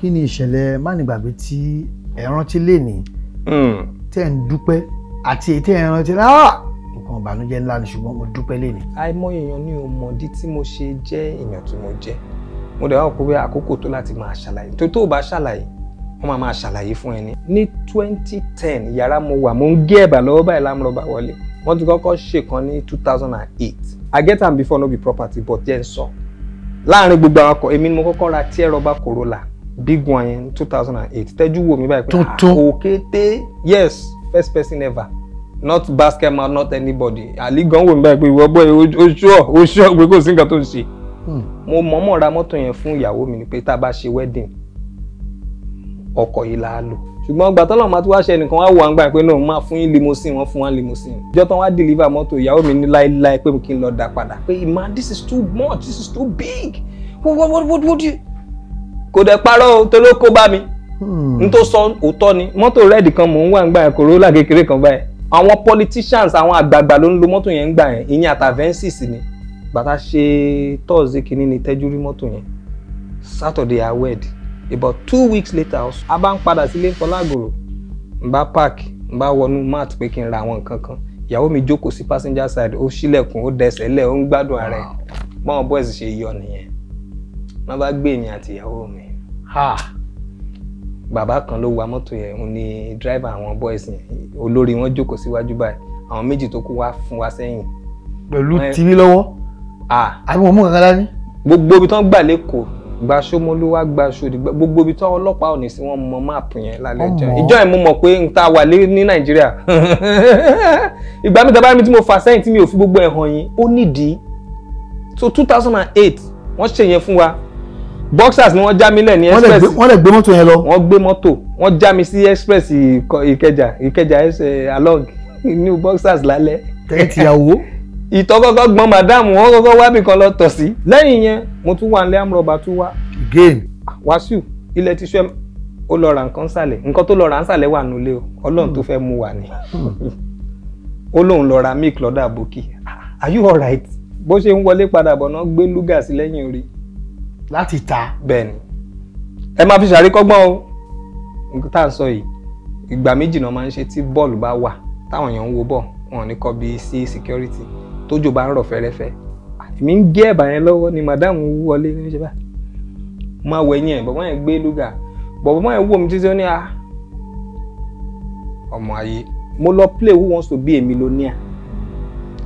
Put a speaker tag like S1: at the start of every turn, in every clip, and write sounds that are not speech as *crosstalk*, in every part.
S1: kí ni ìṣẹ̀lẹ̀ mánigbàgbé tí ẹ rántí lè ní hmm. tẹ́ ń dúpẹ́ àti èyí tẹ́ ẹ rántí rárá ah!
S2: nǹkan ìbànújẹ́
S1: ńlá ni ṣùgbọ́n mo dúpẹ́ lè ní.
S2: àìmọye èèyàn ni ò mọ̀dí tí mo ṣe jẹ́ èèyàn tí mo jẹ́ mo dẹ̀ wá kó bí àkókò tó láti máa ṣàlàyé tó tó bá ṣàlàyé wọ́n máa máa ṣàlàyé fún ẹni. ní twenty ten yàrá mo wà mo ń gé ẹ̀bà lọ́wọ́ báyìí lámúrọ̀bà wọlé wọ́n ti kọ́kọ́ ṣèkan ní two thousand and eight i get am before no be property but jẹ́ n sọ láàrin gbogbo àwọn ọkọ̀ èmi ni mo kọ́kọ́ ra tí ẹ̀rọ Corolla big one yẹn two thousand and eight tẹ́jú wò mí báyìí pé ah òkété yes first person ever not basket man not anybody Ali gan wò mí báyìí pé ìwọ bọ́ o ṣọ́ o ṣọ́ pé kò sí nǹkan tó ń ṣe hmm. mo mọ̀ọ́mọ̀ ra mọ́tò yẹn fún ìyàwó mi ni pé tá a bá ṣe wedding ọkọ̀ yìí la lò ṣùgbọ́n ọgbà tọ́lọ̀ máa tún wá ṣe ẹnìkan wá wò wá ń gbà pé náà máa fún yín limousine wọ́n fún wá limousine. ìjọ tán wá deliver mọ́tò ìyàwó mi ní láéláé pé kí n lọ dá padà pé man this is too much this is too big what what what what do you kò dẹ̀ parọ́ o tó ló kó bá mi hmm. n tó sọ òótọ́ ni mọ́tò rẹ́ẹ̀dì kan mò ń wà ń gbà yẹn Corolla kékeré kan báyẹn àwọn politicians àwọn àgbààgbà ló ń lo mọ́tò yẹn ń gbà yẹn ìyẹn àtàvẹ́nsìs ni bàtà ṣe tọ́ọ̀sì kìíní ni tẹ́jú rí mọ́tò yẹn Saturday awed about two weeks later a bá ń padà sílé Fọlágòrò n bá park n bá wọnú mart pé kí n ra àwọn nǹkan kan ìyàwó mi jókòó sí passenger side ó ṣílẹ̀kùn ó dẹsẹ̀ lẹ̀ ó ń gbádùn ara báwọn boys ṣe yọ nìyẹn wọ́n bá gbé èmi àti ìyàwó mi. bàbá kan ló wa mọ́tò yẹn òun ni dírẹ́fà àwọn boys yẹn olórí wọn jókòó síwájú báyìí àwọn méjì tó kú wá fún wa sẹ́yìn. pẹ̀lú tìrí lọ́wọ́ àbí wọn mú kankan dání. gbogbo ibi tán gbà lẹ́kọ̀ọ́ gba Ṣómólú wá gba Ṣódì gbogbo ibi tó ọlọ́pàá ò ní sí wọn mọ máàpù yẹn lálẹ́ ìjọ ìjọ yẹn mo mọ̀ pé n ta wà lé ní Nàìjíríà *laughs* ìgbà mi tàbá mi tí mo fà sẹ́yìn tí mi ò fi gbogbo ẹ̀ hàn yín ó nídìí so two thousand and eight wọ́n ṣe yẹn fún wa boxers ni wọ́n já mi lẹ̀ ní express wọ́n lè gbé mọ́tò yẹn lọ wọ́n gbé mọ́tò wọ́n já mi sí express ìkẹjà ìkẹjà eh, along *laughs* new boxers lálẹ́. kẹ́kẹ́ tìyàwó. *laughs* ìtọ́ kọ́kọ́ gbọ́n madam wọ́n kọ́kọ́ wá mi kan lọ tọ̀ sí lẹ́yìn yẹn mo tún wà nílé amúrọ̀bà tún wá. again. Ah, wàásù ilẹ̀ ti ṣẹ́ ó lọ ra nǹkan sàlẹ̀ nǹkan tó lọ ra sàlẹ̀ wà nulẹ̀ o ọlọ́run tó hmm. fẹ́ mú wa ni hmm. *laughs* ó lóun lọ milk lọ́dà bókì ah, are you alright bó ṣe ń wọlé padà bọ̀ náà gbé lúgà lẹ́yìn orí láti ta. bẹ́ẹ̀ni ẹ máa fi ṣàríkọ́gbọ́n o nǹkan tá à ń sọ yìí ìgbà méjì náà máa ń ṣe tí bọ́ọ̀lù bá wà táwọn èèyàn ń wo bọ̀ wọn ní kọ́ bí sí security tójò bá ń rọ̀ fẹ́rẹ́fẹ́ èmi ń gé ẹ̀bà yẹn lọ́wọ́ ni madam wọlé ní ṣe bá máa wọ ẹ̀yìn ẹ̀ bọ̀ wọ́n yẹn gbé lúgà bọ̀ wọ́n yẹn wò mí títí ó ní a ah, ọmọ ayé mo lọ play who wants to be a millionaire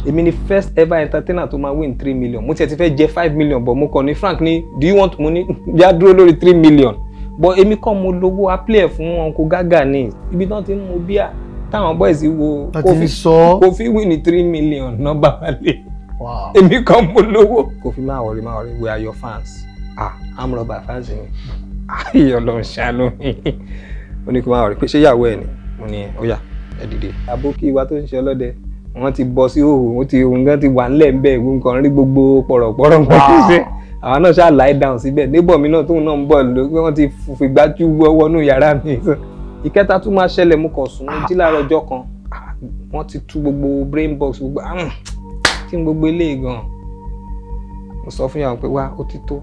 S2: èmi ni first ever entertainer tó máa win three million mo tiẹ̀ ti fẹ́ jẹ five million but mo kàn ní Frank ní do you want mo ní *laughs* yá dúró lórí three million but èmi kàn mo lówó apilẹ̀ fún Uncle Gaga ní ibi tán ti ń mu bíà táwọn boys wo Kofi win ní three million nọ́mbà wálé èmi kàn mo logo, Kofi máa wọrí máa wọrí we are your fans ah i'm rubber fans ni *laughs* ayé Ọlọ́run ṣàánú mi ó ní kí n máa wọrí pé ṣé ìyàwó ẹ ni mo ní ó yá ẹ dìde àbókí wa tó ń ṣe ọlọ́dẹ wọ́n ti bọ́ sí òhò wọ́n ti òun gan ti wà ńlẹ̀ ńbẹ̀ ìwé nǹkan rí gbogbo pọ̀rọ̀pọ̀rọ̀ nǹkan ṣe àwọn náà ṣáà láì dáhùn síbẹ̀ níbọ̀ mi náà tóun náà ń bọ̀ ló pé wọ́n ti fìgbà jú wọnú yàrá mi. ìkẹta tún máa ṣẹlẹ̀ mú kàn sùn ní jíláàrọ̀ ọjọ́ kan wọ́n ti tú gbogbo brain box gbogbo àrùn tí n gbogbo eléyìí gan. mo sọ fún yàrá pé wá ó ti tó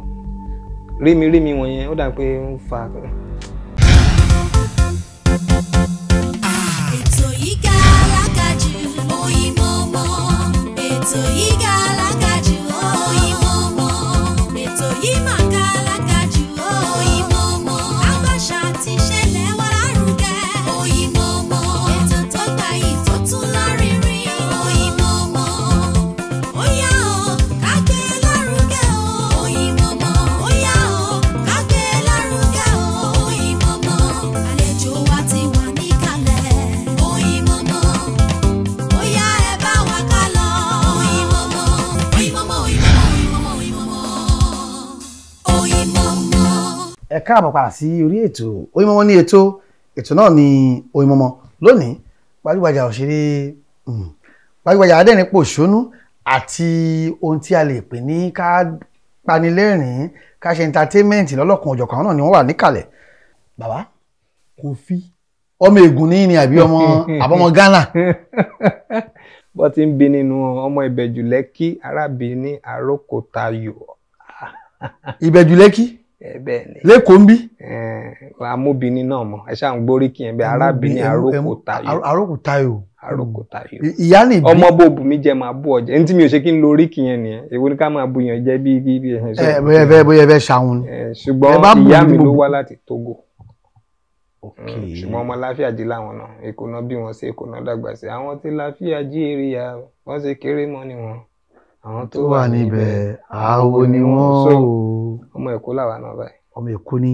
S2: rémi rémi wọ̀nyẹn ó dà pé ń fa
S1: So you got ẹ káàbọ̀ padà sí orí ètò Oyinmomo ní ètò ètò náà ni Oyinmomo lónìí gbajúgbajà òṣèré hmm, gbajúgbajà adẹ́rìn pòṣónú àti ohun tí a lè pè ní ká panilẹ́rìn ká ṣe entertainment lọ́lọ́kan òjọ̀kan náà ni wọ́n wà níkàlẹ̀ bàbá Kofi ọmọ ègùn ní ni àbí ọmọ àbọmọ Ghana.
S2: bó *laughs* ti ń bi nínú ọmọ ìbẹ̀jù lẹ́kí arábìnrin ní àrókò lẹ́kọ̀ọ́ ń bí. amóbìnrin náà mọ̀ ẹ ṣáà ń gbórí kí n bẹ arábìnrin arókòtayò. arókòtayò. arókòtayò. ìyá ni bí. ọmọ bòbù mi jẹ máa bú ọjẹ ntí mi ò ṣe kí n lo orí kìyẹn nìyẹn èwo ni ká máa bu yàn jẹ bí bí bí. ẹ bóyá
S1: ẹ bóyá ẹ bẹ ṣàwọn.
S2: ṣùgbọ́n ìyá mi ló wá láti Togo. Mm, ṣùgbọ́n ọmọ láfíàjì làwọn náà èkó náà bí wọ́n ṣe èkó náà dàgbà sí àwọn tí láfíàjì èrè yà wọ́n ṣe kéré mọ́ ni wọ́n àwọn tó wà
S1: níbẹ̀ àwo ni wọ́n o.
S2: ọmọ èkó làwa náà báyìí.
S1: ọmọ èkó ni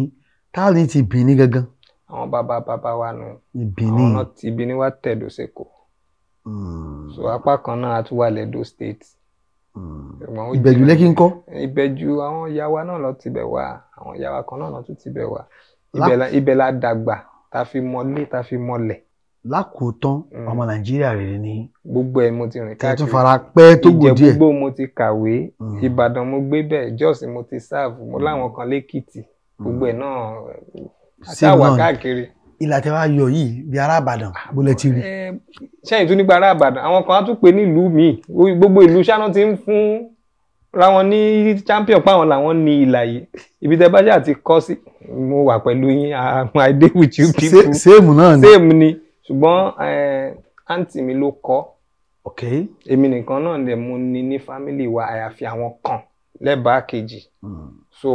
S1: táàlì ti Bìní gangan.
S2: àwọn bàbá bàbá wa nù. ní Bìní àwọn náà ti Bìní wá tẹ̀dó sẹ́kọ̀ọ́. Hmm. so apá kan náà a tún wà lẹ́dọ̀ state. Hmm. ìbẹ̀jú lẹ́kí ń kọ́. ìbẹ̀jú àwọn ìyá wa náà lọ tibẹ̀ wá àwọn ìyá kan náà lọ tún tibẹ̀ wá. ibẹ̀ la dàgbà ta fi mọ́lé ta fi mọ́lẹ̀ lákòótán mm. ọmọ nàìjíríà rere ni. gbogbo ẹ mo ti rìn káàkiri tẹ̀tún fara pẹ́ tó gùn díẹ̀ ìjẹ̀bú mo ti kàwé mm. ìbàdàn mo gbé bẹ́ẹ̀ jọ́ọ̀sì mo ti sáàfù mo mm. láwọn kan lẹ́kìtì gbogbo ẹ̀ náà àtàwà káàkiri.
S1: ilà tẹ wá yọ yìí bí ará àbàdàn bó lẹ ti rí.
S2: sẹ́yìn eh, tún nípa ará àbàdàn àwọn kan á tún pè nílùú mi gbogbo ìlú sáná ti ń fún ra ní champion páwọn làwọn ní ìlà yìí ibi tẹ bá ṣáà ti kọ́ sí mo wà pẹ̀lú yín i dey with you people. sèèmù náà ni sèèmù ni ṣùgbọ́n àǹtí mi ló kọ́ èmi nìkan náà dẹ̀ mo ní ní fámìlì wa àyàfi àwọn kan lẹ́bàá kejì hmm. so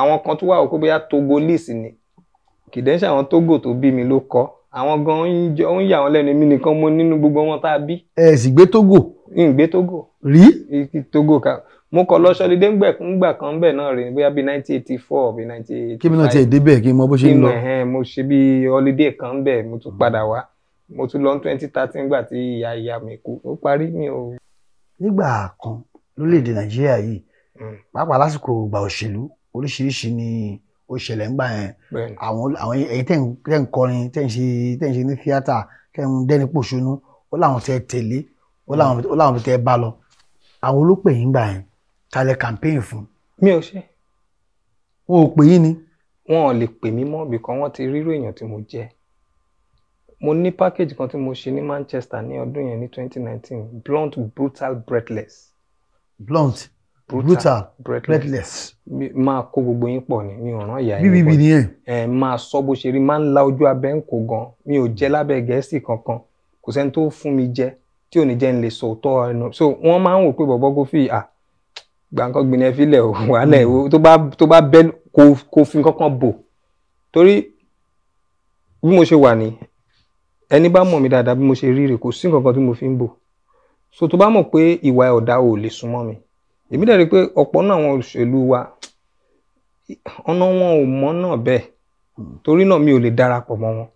S2: àwọn kan tó wà ó pé bóyá togolese ni kìdẹ́ńṣà àwọn tógò tó bí mi ló kọ́ àwọn gan ń yà wọn lẹ́nu èmi nìkan mo nínú gbogbo wọn tá a bí. ẹ sì gbé tógò. n gbé tógò. rí. tógò kan mo kọ lọ sọlídé ńgbẹ ńgbà kan bẹ́ẹ̀ náà rè bóyá bíi nineteen eighty four bíi nineteen eighty five. kí mi náà ti
S1: débẹ̀ kí n mọ bó ṣe ń lọ. kí n
S2: mọ mo ṣe bíi holiday kan bẹ́ẹ̀ mo tún padà wá. Mm mo tún lọ twenty thirteen gbà tí ìyá ìyá mi kú ó parí mi ò.
S1: nígbà kan lórílẹ̀‐èdè nàìjíríà yìí hmm. pàápàá lásìkò ìgbà òṣèlú oríṣiríṣi ni ó ṣẹlẹ̀ ńgbà yẹn àwọn àwọn ẹ̀yin tẹ̀ ń kọrin tẹ̀ ń ṣe tẹ̀ ń ṣe ní tíátà tẹ̀ ń dẹ́ni pòṣónú ó láwọn tẹ tẹ̀lé ó láwọn tẹ bá lọ àwọn olópè yìí ńgbà yẹn talẹ̀ campaign fún. mi ò ṣe. wọn ò pè yín ni.
S2: wọn ò lè pè mí mọ́ bìkan wọ́n ti rírò èèyàn tí mo jẹ́ mo ní package kan tí mo ṣe ní Manchester ní ọdún yẹn ní 2019 blunt brutal breathless. blunt brutal, brutal breathless. breathless. máa kó gbogbo yín pọ̀ ni mi ò ràn ìyá yín pọ̀ bíbí nìyẹn. ẹ máa sọ bó ṣe rí máa ń la ojú abẹ́ ń kó gan mi ò jẹ lábẹ́ gẹ̀ẹ́sì kankan kò sẹ́ni tó fún mi jẹ tí ò ní jẹ́ ń lè sọ òótọ́ ẹnu so wọ́n máa ń wò pé bọ̀bọ́ Kofi à gbàǹkan gbin ẹ filẹ̀ o wàhálà ẹ̀ tó bá tó bá bẹ́ kó fi kankan bò torí bí mo ṣe wà ní ẹni bá mọ̀ mí dáadáa bí mo ṣe rí rè kò sí nǹkan kan tí mo fi ń bò so tó bá mọ̀ pé ìwà ọ̀dà ò lè súnmọ́ mi èmi dẹ̀ rí i pé ọ̀pọ̀ náà àwọn òṣèlú wa ọ̀nà wọn ò mọ́ náà bẹ́ẹ̀ torí náà mi ò lè darapọ̀ mọ́ wọn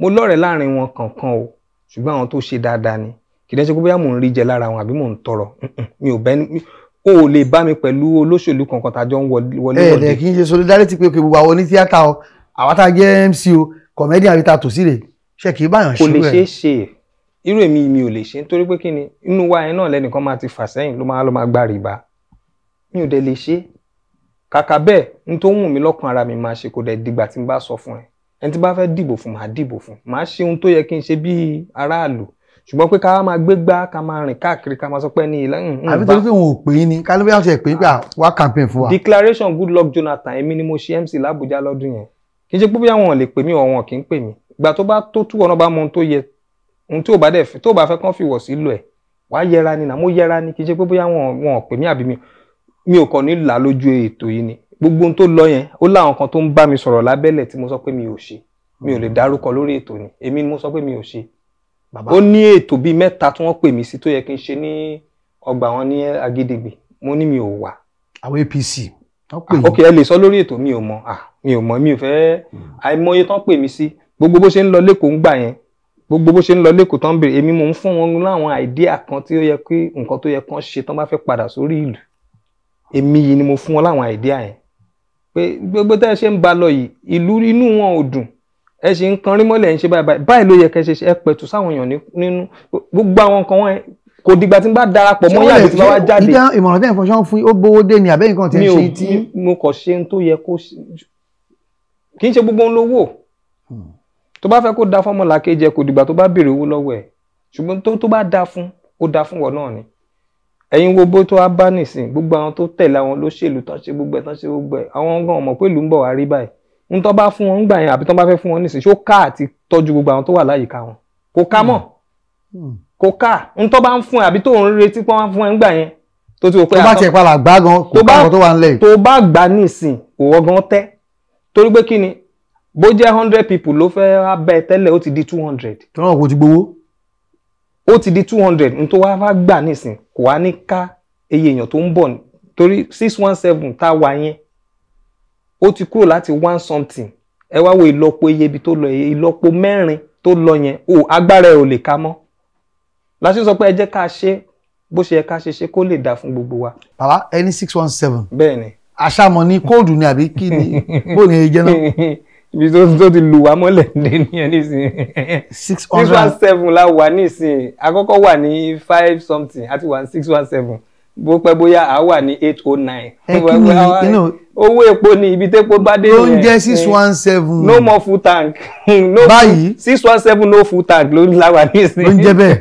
S2: mo lọ́rẹ̀ẹ́ láàrin wọn kankan o ṣùgbọ́n àwọn tó ṣe dáadáa ni kì í dẹ́ ṣe pé bóyá mò ń rí jẹ lára wọn àbí mò ń tọrọ mi ò bẹ́ni o ò lè bá mi pẹ̀lú olóṣèlú kankan tàjọ ń wọlé wọlé. ẹ ẹ kì í ṣe solidarity pé kò wà wọ ní tíátà
S1: tá a jẹ́ MC o comedian àbí ta tòsí rèé ṣe kì í báyàn ṣe rẹ kò lè ṣeé
S2: ṣe irú èmi mi ò lè ṣe nítorí pé kí ni inú wa yẹn náà lẹ́nìkan máa ti fà sẹ́yìn ló máa lọ máa gba rìbá mi ò dẹ̀ lè ṣe kàkà bẹ́ẹ̀ n tó wù mí lọ́kàn ara mi máa ṣe kò dẹ̀ dìgbà tí n bá sọ fún ẹ ẹni tí bá fẹ́ dìbò fún màá dìbò fún màá ṣe ohun tó yẹ kí n ṣe bíi aráàlú ṣùgbọ́n pé ká máa gbé gbá ká máa rìn káàkiri ká máa sọ pé ní ìlànà ìbá. àbí torí
S1: pé òun ò pè é ni ká ló bí wàá ṣe pè é pé wá campaign fún wa.
S2: declaration luck Jonathan èmi ni mo ṣe MC l'Abuja lọ́dún yẹn kì í ṣe pé bí àwọn ò lè pè mí ọ̀wọ́n kì í pè mí ìgbà tó bá tó tú ọ̀nà bá mọ ohun tó yẹ ohun tí ò bá dẹ̀ fẹ́ tó bá fẹ́ kán fìwọ̀ sí lò ẹ̀ wàá yẹra ni nà mo yẹra ni kì í ṣe pé bóyá wọn wọn pè mí àbí mi mi ò kàn ní là lójú ètò yìí ni gbogbo ohun tó lọ yẹn ó láwọn kan tó ń bá mi sọ̀rọ̀ lábẹ́lẹ̀ tí mo sọ pé mi ò ṣe mi ò lè dárúkọ lórí ètò ni èmi ni mo sọ pé mi ò ṣe ó ní ètò bíi mẹ́ta tí wọ́n pè mí sí tó yẹ kí n ṣe ní ọgbà wọn ní Agídìgbì mo ní mi ò wà.
S1: àwọn APC tán pè ah, yín ok ẹ lè
S2: sọ lórí ètò mi ò mọ ah, mi ò mọ mi ò fẹ́ hmm. àìmọye tán pè mí sí gbogbo bó ṣe ń lọ lẹ́kọ̀ọ́ ń gbà yẹn gbogbo bó ṣe ń lọ lẹ́kọ̀ọ́ tán bèrè èmi mò ń fún wọn láwọn àìdíà kan tí ó yẹ pé nǹkan tó yẹ kán ṣe tán bá fẹ́ padà sórí ìlú èmi yìí ni mo fún wọn láwọn àìdíà yẹn pé gbogbo tẹ́ ẹ ṣe ń ba lọ yìí ìlú inú wọn ò dùn ẹ ṣe ń kan rí mọ́lẹ̀ ẹ ń ṣe báyìí báyìí ló yẹ kẹ́ ṣe ẹ pẹ̀tù sáwọn èèyàn nínú gbogbo àwọn nǹkan wọn kò dìgbà tí n bá darapọ̀ mọ́ yàrá tí n wá jáde. ìjà ìmọ̀ràn tẹ́yìn fọṣọ́ fún ó
S1: gbowó dé ni àbẹ́yìn kan ti ń ṣe tí.
S2: mi ò mo kàn ṣe ohun tó yẹ kó kì í ṣe gbogbo ohun lówó tó bá fẹ́ kó da fún ọmọlàkejì ẹ kò dìgbà tó bá béèrè owó lọ́wọ́ ẹ̀ ṣùgbọ́n tó tó bá da fún ó da fún wọn náà ni ẹ̀yin wo bó tó wá bá nìsín gbogbo àwọn tó tẹ̀lé àwọn olóṣèlú tán ṣe gbogbo ẹ̀ tán ṣe gbogbo ẹ̀ àwọn gan ọmọ pé ìlú ń bọ̀ wá rí báyìí ń tọ́ bá fún wọn ń gbà yẹn àbí tán bá fẹ́ fún wọn nìsín ṣó ká àti tọ́jú gbogbo àwọn tó wà láyìíká wọn kò ká mọ̀ hmm. kò ká ń tọ́ bá ń fún ẹ àbí tó ń retí pé fún ẹ ń gbà yẹn tó ti wò pé àwọn tó bá tiẹ̀ bó jẹ́ hundred people ló fẹ́ wá bẹ́ẹ̀ tẹ́lẹ̀ ó ti di two hundred. tọ́lá kò ti gbowó. ó ti di two hundred n tó wá wá gbà nísìn kò wá ní ká iye èèyàn tó ń bọ̀ torí six one seven tá a wà yẹn ó ti kúrò láti one something ẹ wá wo ìlọ́po iye ibi tó lọ ìlọ́po mẹ́rin tó lọ yẹn o agbára ẹ ò lè ká mọ́ láti sọ pé ẹ jẹ́ ká ṣe bó ṣe yẹ ká ṣe ṣe kó lè dà fún gbogbo wa. bàbá ẹni six one seven. bẹ́ẹ̀ni.
S1: àṣàmọ̀ ni
S2: kóòdù ni àbí
S1: kí ni *laughs* bóyá ìjẹ́ náà. *laughs* ibi
S2: tó ti lù wá mọ́lẹ̀ *laughs* dé nìyẹn nísìnyí six one seven la wà nísìnyí àkọ́kọ́ wà ní five something àti wà ní six one seven bó pẹ́ bóyá a wà ní eight oh nine. ẹ kí ni owó epo ni ibi tẹ́po bá dé ló ń jẹ́ six one seven. no more full tank. *laughs* báyìí six one seven no full tank ló ń la wà nísìnyí. ló ń jẹ bẹ́ẹ̀.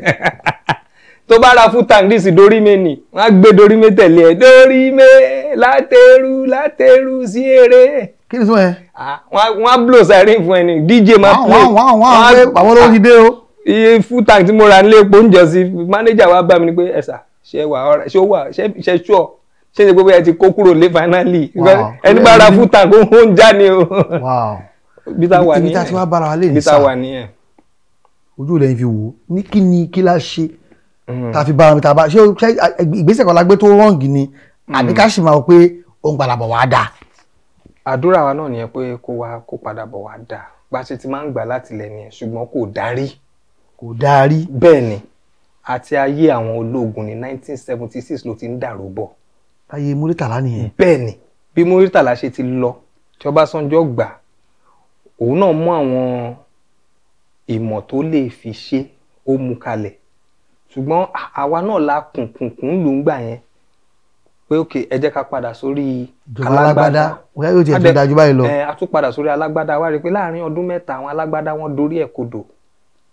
S2: *laughs* tó bá ra full tank nísìnyí dorí mi nì wọ́n á gbé dorí mi tẹ̀lé ẹ̀ dorí mi látẹ̀rù látẹ̀rù sí eré kí ni sọ yẹn. Ah, wọ́n á blow siren fún ẹni dj máa play. wọ́n wọ́n wọ́n pé àwọn ló ti dé o. iye full tank tí mo ra nílé epo ń jọ sí manager wa bá mi ni pé ẹ̀sà ṣe wà ọ̀rẹ́ ṣe wà ṣe ṣọ́ ṣe ṣe gbogbo ẹ ti kó kúrò lé finally ẹni bá ra full tank ó ń já ni o.
S1: bí ta wà ní ẹ bí ta ti wá bára wa lè ní sá ojú ò lẹ́yìn fi wò ó ní kí ni kí la ṣe mm. ta fi bára mi ta bá ṣé ìgbésẹ̀ kan la gbé tó rọ̀ǹgì ni mm. àbí ká sì máa wọ pé òun padà bọ̀ wá dáa
S2: àdúrà wa náà nìyẹn pé kó wa kó padà bọ̀ wá dà bá ṣe ti máa ń gbà láti lẹ̀ nìyẹn ṣùgbọ́n kò darí. kò darí. bẹ́ẹ̀ ni àti ayé àwọn ológun ní 1976 ló ti ń dàrú bọ̀. ayé Muritala nìyẹn. bẹ́ẹ̀ ni bí Muritala ṣe ti lọ tí Ọbásanjọ́ gbà òun náà mú àwọn ìmọ̀ tó lè fi ṣe ó mú kalẹ̀ ṣùgbọ́n àwa náà la kùnkùnkùn ló ń gbà yẹn pé òkè ẹ jẹ́ ká padà sórí alágbádá yóò ti ẹ̀tún dájú báyìí lọ. ẹ a tún padà sórí alágbádá wá rí i pé láàrin ọdún mẹ́ta àwọn alágbádá wọn dorí ẹ̀ kodò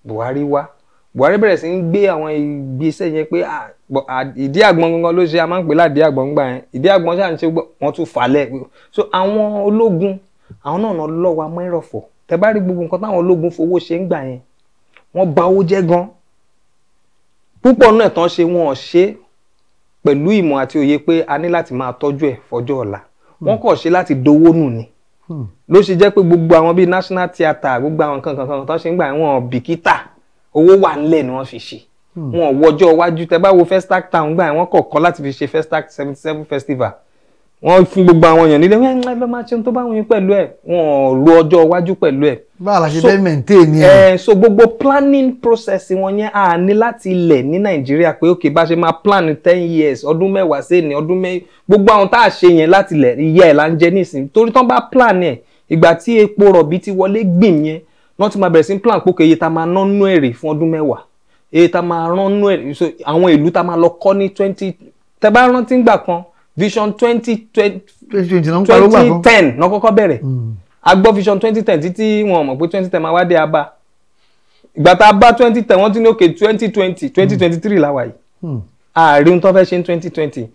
S2: Buhari wá Buhari bẹ̀rẹ̀ sí ń gbé àwọn ìgbésẹ̀ yẹn pé ah, ìdí àgbọn gangan ló ṣe a máa ń pè láàdí àgbọn gbà yẹn ìdí àgbọn ṣáà ń ṣe wọn tún falẹ̀ so àwọn ológun àwọn náà náà lọ wa mẹ́rọ̀fọ̀ tẹ bá rí gbogbo nǹkan táwọn ológun fowó ṣe ń gbà yẹn wọ́n bà owó jẹ́ gan púpọ̀ náà tán ṣe wọn ò ṣe pẹ̀lú ìmọ̀ àti òye pé a ní láti máa tọ́jú ẹ̀ fọjọ́ ọ̀la hmm. wọ́n kọ̀ ṣe láti dowó nù ni hmm. ló ṣe jẹ́ pé gbogbo àwọn bíi national theatre gbogbo àwọn nǹkan kankan tó ṣe ń gbà wọn bìkítà owó wà nílẹ̀ ni wọ́n fi ṣe hmm. wọn ò wọjọ́ iwájú tẹ bá wo first act town gbà wọn kọ̀ kọ́ láti fi ṣe first act seventy seven festival wọ́n fún gbogbo àwọn èèyàn nílé wẹ́n ẹ bá máa ṣe tó bá wọn yín pẹ̀lú ẹ̀ wọ́n ro ọjọ́ iwájú pẹ̀lú ẹ̀. báwo ṣe fẹ́ maintain yẹn. ẹ so gbogbo planning process wọn yẹn a ní láti ilẹ̀ ní nàìjíríà pé ok bá ṣe máa plan ten years ọdún mẹ́wàá sí ni ọdún mẹ́rin gbogbo àwọn tá a ṣe yẹn láti ilẹ̀ ìyá ẹ̀ là ń jẹ nísìnyí torí tán bá plan ẹ̀ ìgbà tí epo rọ̀bì ti wọlé gbìn yẹn wọ́n ti máa bẹ̀rẹ̀ sí plan pókè iye tá máa ná nú èrè fún ọdún mẹ́wàá iye tá máa rán nú èrè àwọn ìlú tá máa lọ kọ́ twenty vision twenty ten náà kọ́kọ́ bẹ̀rẹ̀ hmm. a gbọ́ vision twenty ten títí wọn mọ̀ pé twenty ten máa wá dé abá ìgbà tá a bá twenty ten wọ́n ti ní òkè twenty twenty twenty twenty three la wà yìí ààrí hmm. ohun tó fẹ́ ṣe ní twenty twenty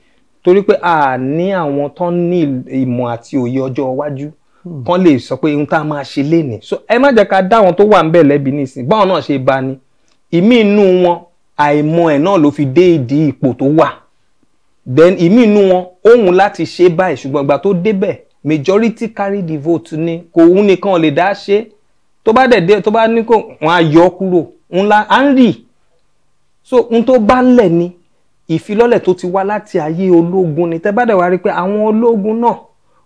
S2: torí pé a ní àwọn tó ní ìmọ̀ àti òye ọjọ́ iwájú hmm. kan lè sọ pé ohun tá a máa ṣe lénìí so ẹ má jẹ́ ká dá àwọn tó wà ń bẹ̀ lẹ́bi nísìn báwọn náà ṣe bá ní ìmí inú wọn àìmọ̀ ẹ̀ náà ló fi dé ìdí ipò tó wà then ìmí inú wọn òun láti ṣe báyìí ṣùgbọ́n ìgbà tó débẹ̀ majority carry the vote ni kò òun nìkan lè dá ṣe tó bá dẹ̀ dé tó bá ní kò wọ́n á yọ kúrò ńlá à ń rì so ohun tó bá lẹ̀ ni ìfilọ́lẹ̀ tó ti wá láti ayé ológun ni tẹ́ bá dẹ̀ wá rí pé àwọn ológun náà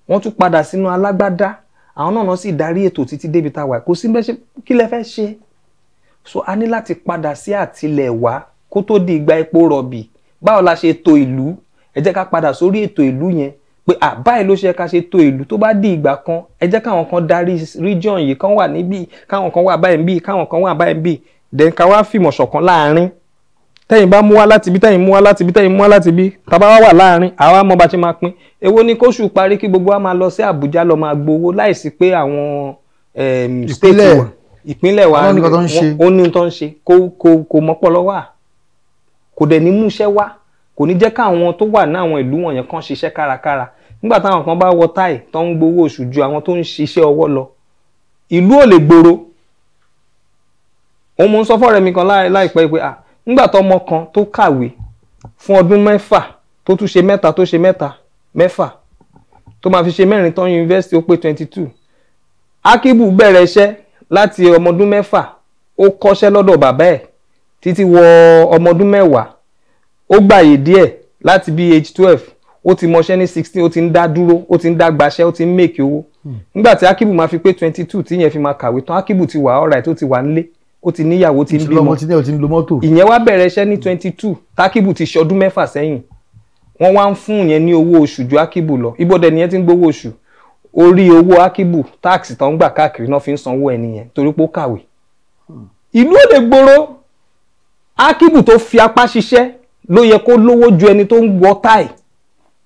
S2: wọ́n tún padà sínú alágbádá àwọn náà sì darí ètò títí débi tá a wà kò sí bẹ́ẹ̀ kí lẹ fẹ́ ṣe so a ní láti padà sí àtilẹ̀ wá kó tó di ìgbà epo rọ̀bì báwo la ṣe tò ìlú ẹ jẹ́ ká padà sórí ètò ìlú yẹn pé àbáyé ló ṣe ká ṣe tó ìlú tó bá di ìgbà kan ẹ jẹ́ káwọn kan darí region yìí kan wà níbí káwọn kan wà báyìí níbí káwọn kan wà báyìí níbí then ká wá fìmọ̀ ṣọ̀kan láàrin tẹ́yìn bá mú wá láti bí tẹ́yìn mú wá láti bí tẹ́yìn mú wá láti bí tàbá wá wà láàrin àwa mọ̀ bá ṣe máa pín èwo ni kóṣù parí kí gbogbo wa máa lọ sí Àbújá lọ máa gbowó láìsí pé àwọn state wa ìpínlẹ̀ wa ó ní tó ń ṣe kò mọ́pọ̀ lọ́wọ́ à kò dẹ̀ ní múṣẹ́ wá kò ní jẹ́ káwọn tó wà ní àwọn ìlú wọ̀nyẹn kan ṣiṣẹ́ kárakára nígbà táwọn kan bá wọ táì tó ń gbowó oṣù ju àwọn tó ń ṣiṣẹ́ ọwọ́ lọ ìlú ò lè gbòòrò òun mo ń sọ fọ́ọ̀rẹ́ mi kan láìpẹ́ pé ah nígbà tó ọmọ kan tó kàwé fún ọdún mẹ́fà tó tún ṣe mẹ́ta tó ṣe mẹ́ta mẹ́fà tó máa fi ṣe mẹ́rin tán yunifásitì ó pé twenty two Akibu bẹ̀rẹ̀ iṣẹ́ láti ọmọdún mẹ́fà ó kọ́ṣẹ́ lọ́dọ̀ bàbá ẹ̀ títí wọ ọmọdún mẹ́wàá ó gbàyè díẹ̀ láti bí age twelve ó ti mọṣẹ́ ní sixteen ó ti ń dá dúró ó ti ń dá gbaṣẹ́ ó ti ń make owó hmm. nígbà tí akíbù máa fi pé twenty two tíyẹn fi máa kàwé tán akíbù ti wà alright ó ti wà nílé ó ti níyàwó ti ń bímọ ìyẹn wá bẹ̀rẹ̀ iṣẹ́ ní twenty two takíbù ti ṣọdún mẹ́fà sẹ́yìn wọ́n wá ń fún yẹn ní owó oṣù ju akíbù lọ ibodè nìyẹn ti ń gbowó oṣù orí owó akíbù táàkì tán ń gbà káàkiri náà fi ń sanwó ẹni yẹn torí pé ó kàwé hmm. ìlú òde gbòòrò akíbù tó fi apá ṣiṣẹ́ ló yẹ kó lówó ju ẹni tó ń wọ táì.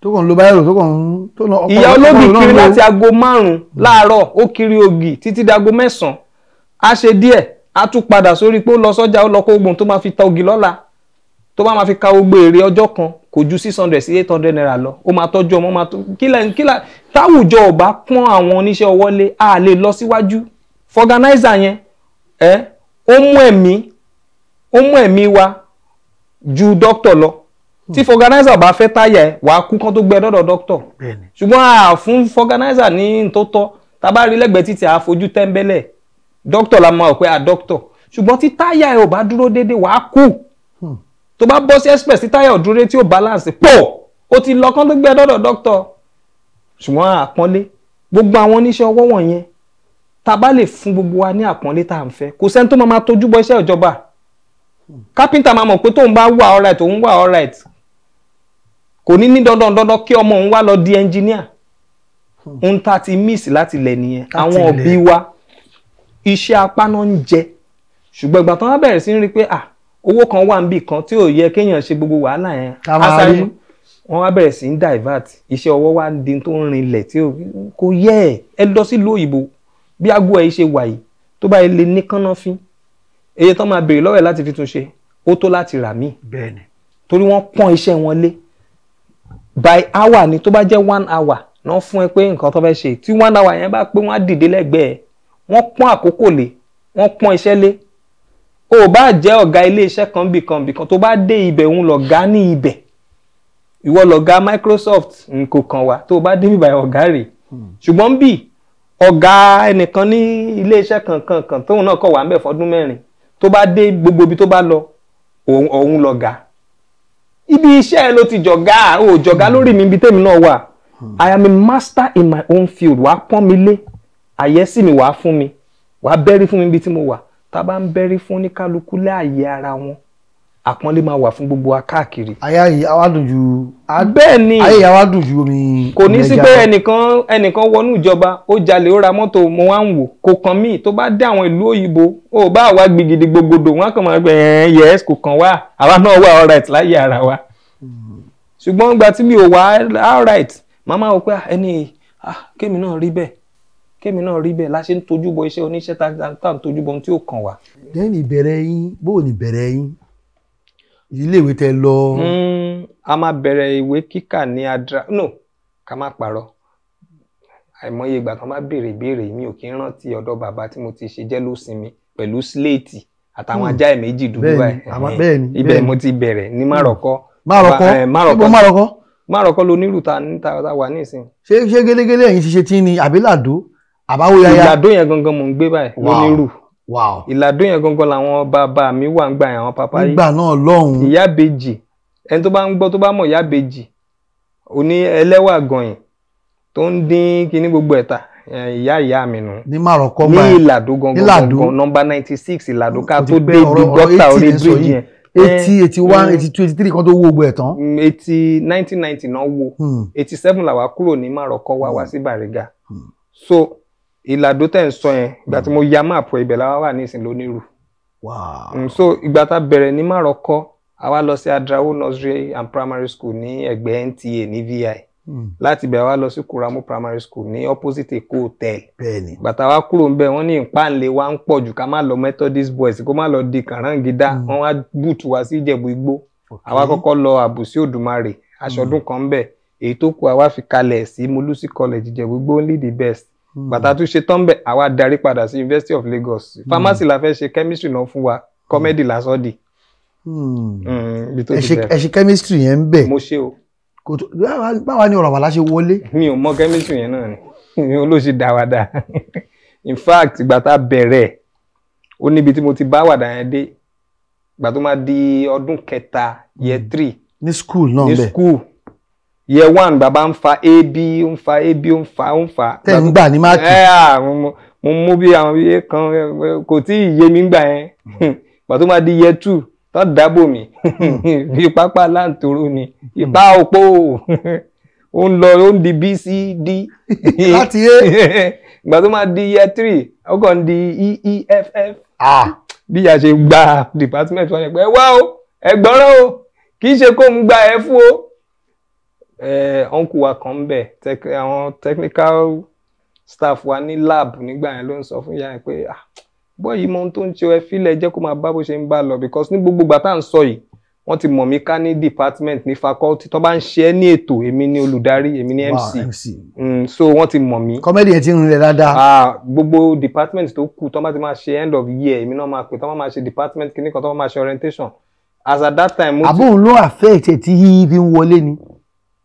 S2: tó kàn ń lo báyìí tó kàn ń
S1: tó lọ ọkọ ìyá olóbì kiri láti
S2: aago márùn-ún láàárọ̀ ó kiri ògì títí di aago mẹ́sàn-án á ṣe díẹ̀ á tún padà sórí pé ó lọ sọ́jà ó lọ kó ogun tó máa fi ta ògì lọ́la tó bá máa fi ka gbogbo èrè ọjọ́ kan kò ju six hundred sí eight hundred naira lọ ó máa tọ́jú ọmọ máa tó kílà kílà táwùjọ ò pọ́n àwọn oníṣẹ́ ọwọ́ lé a lè lọ síwájú fọganáìsà yẹn ẹ ó mú ẹ̀mí ó mú ẹ̀mí wa ju dókítà lọ tí hmm. fọganáísà bá fẹ́ táyà ẹ wàá kú kán tó gbẹ dọ́dọ̀ dókítà ṣùgbọ́n a fún fọganáísà ní tó tọ́ tá bá rí lẹ́gbẹ̀ẹ́ títì a fojú tẹ́ńbẹ́lẹ̀ dókítà la máa pé a dókítà ṣùgbọ́n tí táyà ẹ ò bá dúró déédéé wàá kú hmm. tó bá bọ́ sí express tí táyà ò dúró tí ò balance pọ̀ ó ti lọ kán tó gbẹ dọ́dọ̀ dókítà ṣùgbọ́n àpọ́nlé gbogbo àwọn oníṣẹ́ ọwọ́ wọ̀nyẹn tá a bá lè fún gbogbo wa ní àpọ́nlé tá à ń fẹ́ kò sẹ́ni tó máa máa tójú bọ iṣẹ́ ìjọba kápẹ́ńtà máa mọ̀ pé tóun bá wà alright òun wà alright kò ní ní dandan dandan kí ọmọ òun wá lọ di ẹnjíníà hmm. ohun tá a ti miss láti lẹ̀ nìyẹn àwọn òbí wa iṣẹ́ apá ń jẹ ṣùgbọ́n ìgbà tó wọ́n bẹ̀rẹ̀ sí ń rí pé ah owó kan wà níbì kan tí ò yẹ kéèyàn ṣe gbogbo wàhálà yẹn asáré wọ́n wá bẹ̀rẹ̀ sí ń divert iṣẹ́ ọwọ́ wa di tó ń rinlẹ̀ tí kò yẹ ẹ lọ sílùú òyìnbó bí aago ẹ ṣe wà yìí tó bá lè ní kánná fín èyí tán máa béèrè lọ́wọ́ ẹ̀ láti fi tún ṣe ó tó láti rà míì. bẹ́ẹ̀ni. torí wọ́n pọ́n iṣẹ́ wọn lé by hour ni tó bá jẹ́ one hour náà fún ẹ pé nǹkan tó fẹ́ ṣe tí one hour yẹn bá pé wọ́n á dìde lẹ́gbẹ̀ẹ́ wọ́n pọ́n àkókò lé wọ́n pọ́n iṣẹ́ lé o bá jẹ́ ọ̀gá ilé iṣẹ́ kan bì kan bì kan tó bá dé ibẹ̀ òun lọ̀gá ní ibẹ̀ ìwọ lọ̀gá Microsoft nǹkan kan wà tó bá dé bíbá ọ̀gá rẹ̀ hmm. ṣùgbọ́n bí ọ̀gá ẹnìkan ní ilé iṣẹ́ kankan kan tóun náà kọ̀ wà ń bẹ̀ fọdún mẹ́rin tó bá dé gbogbo ibi tó bá lọ òun lọ̀gá ibi iṣẹ́ ẹ ló ti jọ̀gá ò jọ̀gá hmm. lórí mi ibi tèmi náà wà hmm. I am a master in my own field wàá pọ́n mi lé àyẹ́sí mi wàá fún mi wàá bẹ́rí fún mi ibi tí mo wà tá a bá ń bẹ́rí fún ní kálukú láàyè ara wọn àpọ́nlé máa wà fún gbogbo wa káàkiri. ayé ayé àwa ju. bẹ́ẹ̀ ni ayé àwa dùn ju omi. kò ní sí pé ẹnìkan ẹnìkan wọnú ìjọba ó jalè ó ra mọ́tò mo wá ń wò kò kàn mí tó bá dé àwọn ìlú òyìnbó ó bá àwa gbigidi gbogbodo wọn kàn máa gbẹ ẹ̀ẹ́n yes kò kàn wá àwa náà wà alright láyé ara wa. ṣùgbọ́n ìgbà tí mi ò wá alright màmá wò pé ah, ẹni ah, kémi náà rí bẹ́ẹ̀ kémi náà rí bẹ́ẹ̀ la ṣe ń tójú bọ iṣẹ́ oníṣẹ́ tá à ń tójú bọ ohun tí ò kàn wá.
S1: lẹ́yìn ìbẹ̀rẹ̀ yín bó ní ìbẹ̀rẹ̀ yín iléèwé tẹ lọ.
S2: Hmm, a máa bẹ̀rẹ̀ ìwé kíkà ní adra no ká má parọ́ àìmọye ìgbà kan bá béèrè ìbéèrè mi ò kí ń rántí ọ̀dọ̀ bàbá tí mo ti ṣe jẹ́ ló sinmi pẹ̀lú síléètì àtàwọn hmm. ajá ẹ̀ méjì dúdú báyìí ibẹ̀ mo ti bẹ̀rẹ̀ ní hmm. márọ̀kọ́. márọ̀kọ́ ibo márọ̀kọ́. márọ̀kọ́ lo nílùú ta níta ta wà nísìn. ṣé
S1: ṣé gélégélé ẹ̀yin ti ṣe tí ni àbí làdó àbáwó yaya. ìyàdó
S2: yẹn gangan mò ń gbé báyìí lónírù ìlàdó yẹn gangan làwọn bàbá mi wà ń gbà yẹn àwọn pàpá yìí nígbà náà lọ́hùn-ún ìyábejì ẹni tó bá ń gbọ́ tó bá mọ̀ ìyábejì oní ẹlẹ́wà gọ̀yìn tó ń dín kíní gbogbo ẹ̀ta ìyá ìyá mi nù. ní ìlàdó gangan gangan nọmba ninety six ìlàdó ká tó dé ibi gọ́tà orí bíríjì yẹn eighty eighty one eighty two
S1: eighty three kan tó wó gbogbo ẹ̀ tán.
S2: Mm, eighty nineteen ninety náà wó hmm. eighty seven làwa kúrò ní márọkọ wá wá hmm. sí bàrígà hmm. so ìlàdó tẹ̀ ń sọ yẹn ìgbà tí hmm. mo ya máàpù ibẹ̀ làwa wà ní ìsìn lónírù. Hmm, so ìgbà tá a bẹ̀rẹ̀ ní Márọ̀kọ́ a wá lọ sí Adrawo nursery and primary school ní ẹgbẹ́ NTA ní VI hmm. láti bẹ̀rẹ̀ wá lọ sí Kuramu primary school ní opposite Èkó hotel bàtà wa kúrò ńbẹ̀ wọ́n ní ìpàǹlẹ̀ wa ń pọ̀ jù ká má lọ Methodist boys kó má lọ di kàráǹgídá wọ́n wá bùtù wá sí Ìjẹ̀bú Igbó àwa kọ́kọ́ lọ àbùsí Òdùmarè aṣọ́dún kan ńbẹ̀ èyí tó kù àwa fi kalẹ̀ sí Molusi college Ìjẹ̀bú Igbó only the best Hmm. bàtà tún ṣe tán bẹ̀ àwa darí padà sí University of Lagos hmm. pharmacy la fẹ́ ṣe chemistry náà fún wa comedy lásán di. Hmm. ẹ ṣe
S1: chemistry yẹn ń bẹ̀. mo
S2: ṣe o. báwa ni ọ̀rọ̀ àbàlá ṣe wọlé. mi ò mọ chemistry yẹn náà ni mi ò ló ṣe dáadáa in fact ìgbà tá a bẹ̀rẹ̀ ó níbi tí mo ti bá wàdà yẹn dé ìgbà tó máa di ọdún kẹta year three.
S1: ní school náà bẹ́ẹ̀ ní school
S2: year one bàbá ń fa ab ó ń fa ab ó ń fa ó fa. tẹ ń gbà ní máàkì. ẹ à mo mú bí àwọn iye kan kò tí ì yé mi gbà yẹn pàtó máa di year two tó dábò mi bí pápá láǹtòrò ni ìbá òpó ó ń lọ ó ń di b c d. *laughs* láti yé. *laughs* ìgbà tó máa di year three ó kàn di e e f f. bí a ṣe gba department wọn ni pé ẹ wá o ẹ gbọ́ràn o kì í ṣe kó ń gba ẹ fún o. Eh, uncle wa kan bẹ̀ àwọn technical staff wa ní lab nígbà yẹn ló ń sọ fún ìyá yẹn pé ah bọ́ yìí mọ ohun tó ń ṣe ẹ fílẹ̀ jẹ́ kó máa bá bó ṣe ń bá lọ because ní gbogbo ìgbà tá à ń sọ yìí wọ́n ti mọ̀ mí ká ní department ní faculty tó bá ń ṣe é ní ètò èmi ní olùdarí èmi ní mc mm, so wọ́n ti mọ̀ mí. comedy ẹ̀ ti ń rìn dáadáa. Ah, gbogbo department tó kù tó bá ti máa ṣe end of year èmi náà máa pè tó bá máa ṣe department kìíní kan tó bá máa ṣe orientation as at that time. àbúrò ló
S1: àfẹ́ ètè tí yíyí fi ń wọlé ni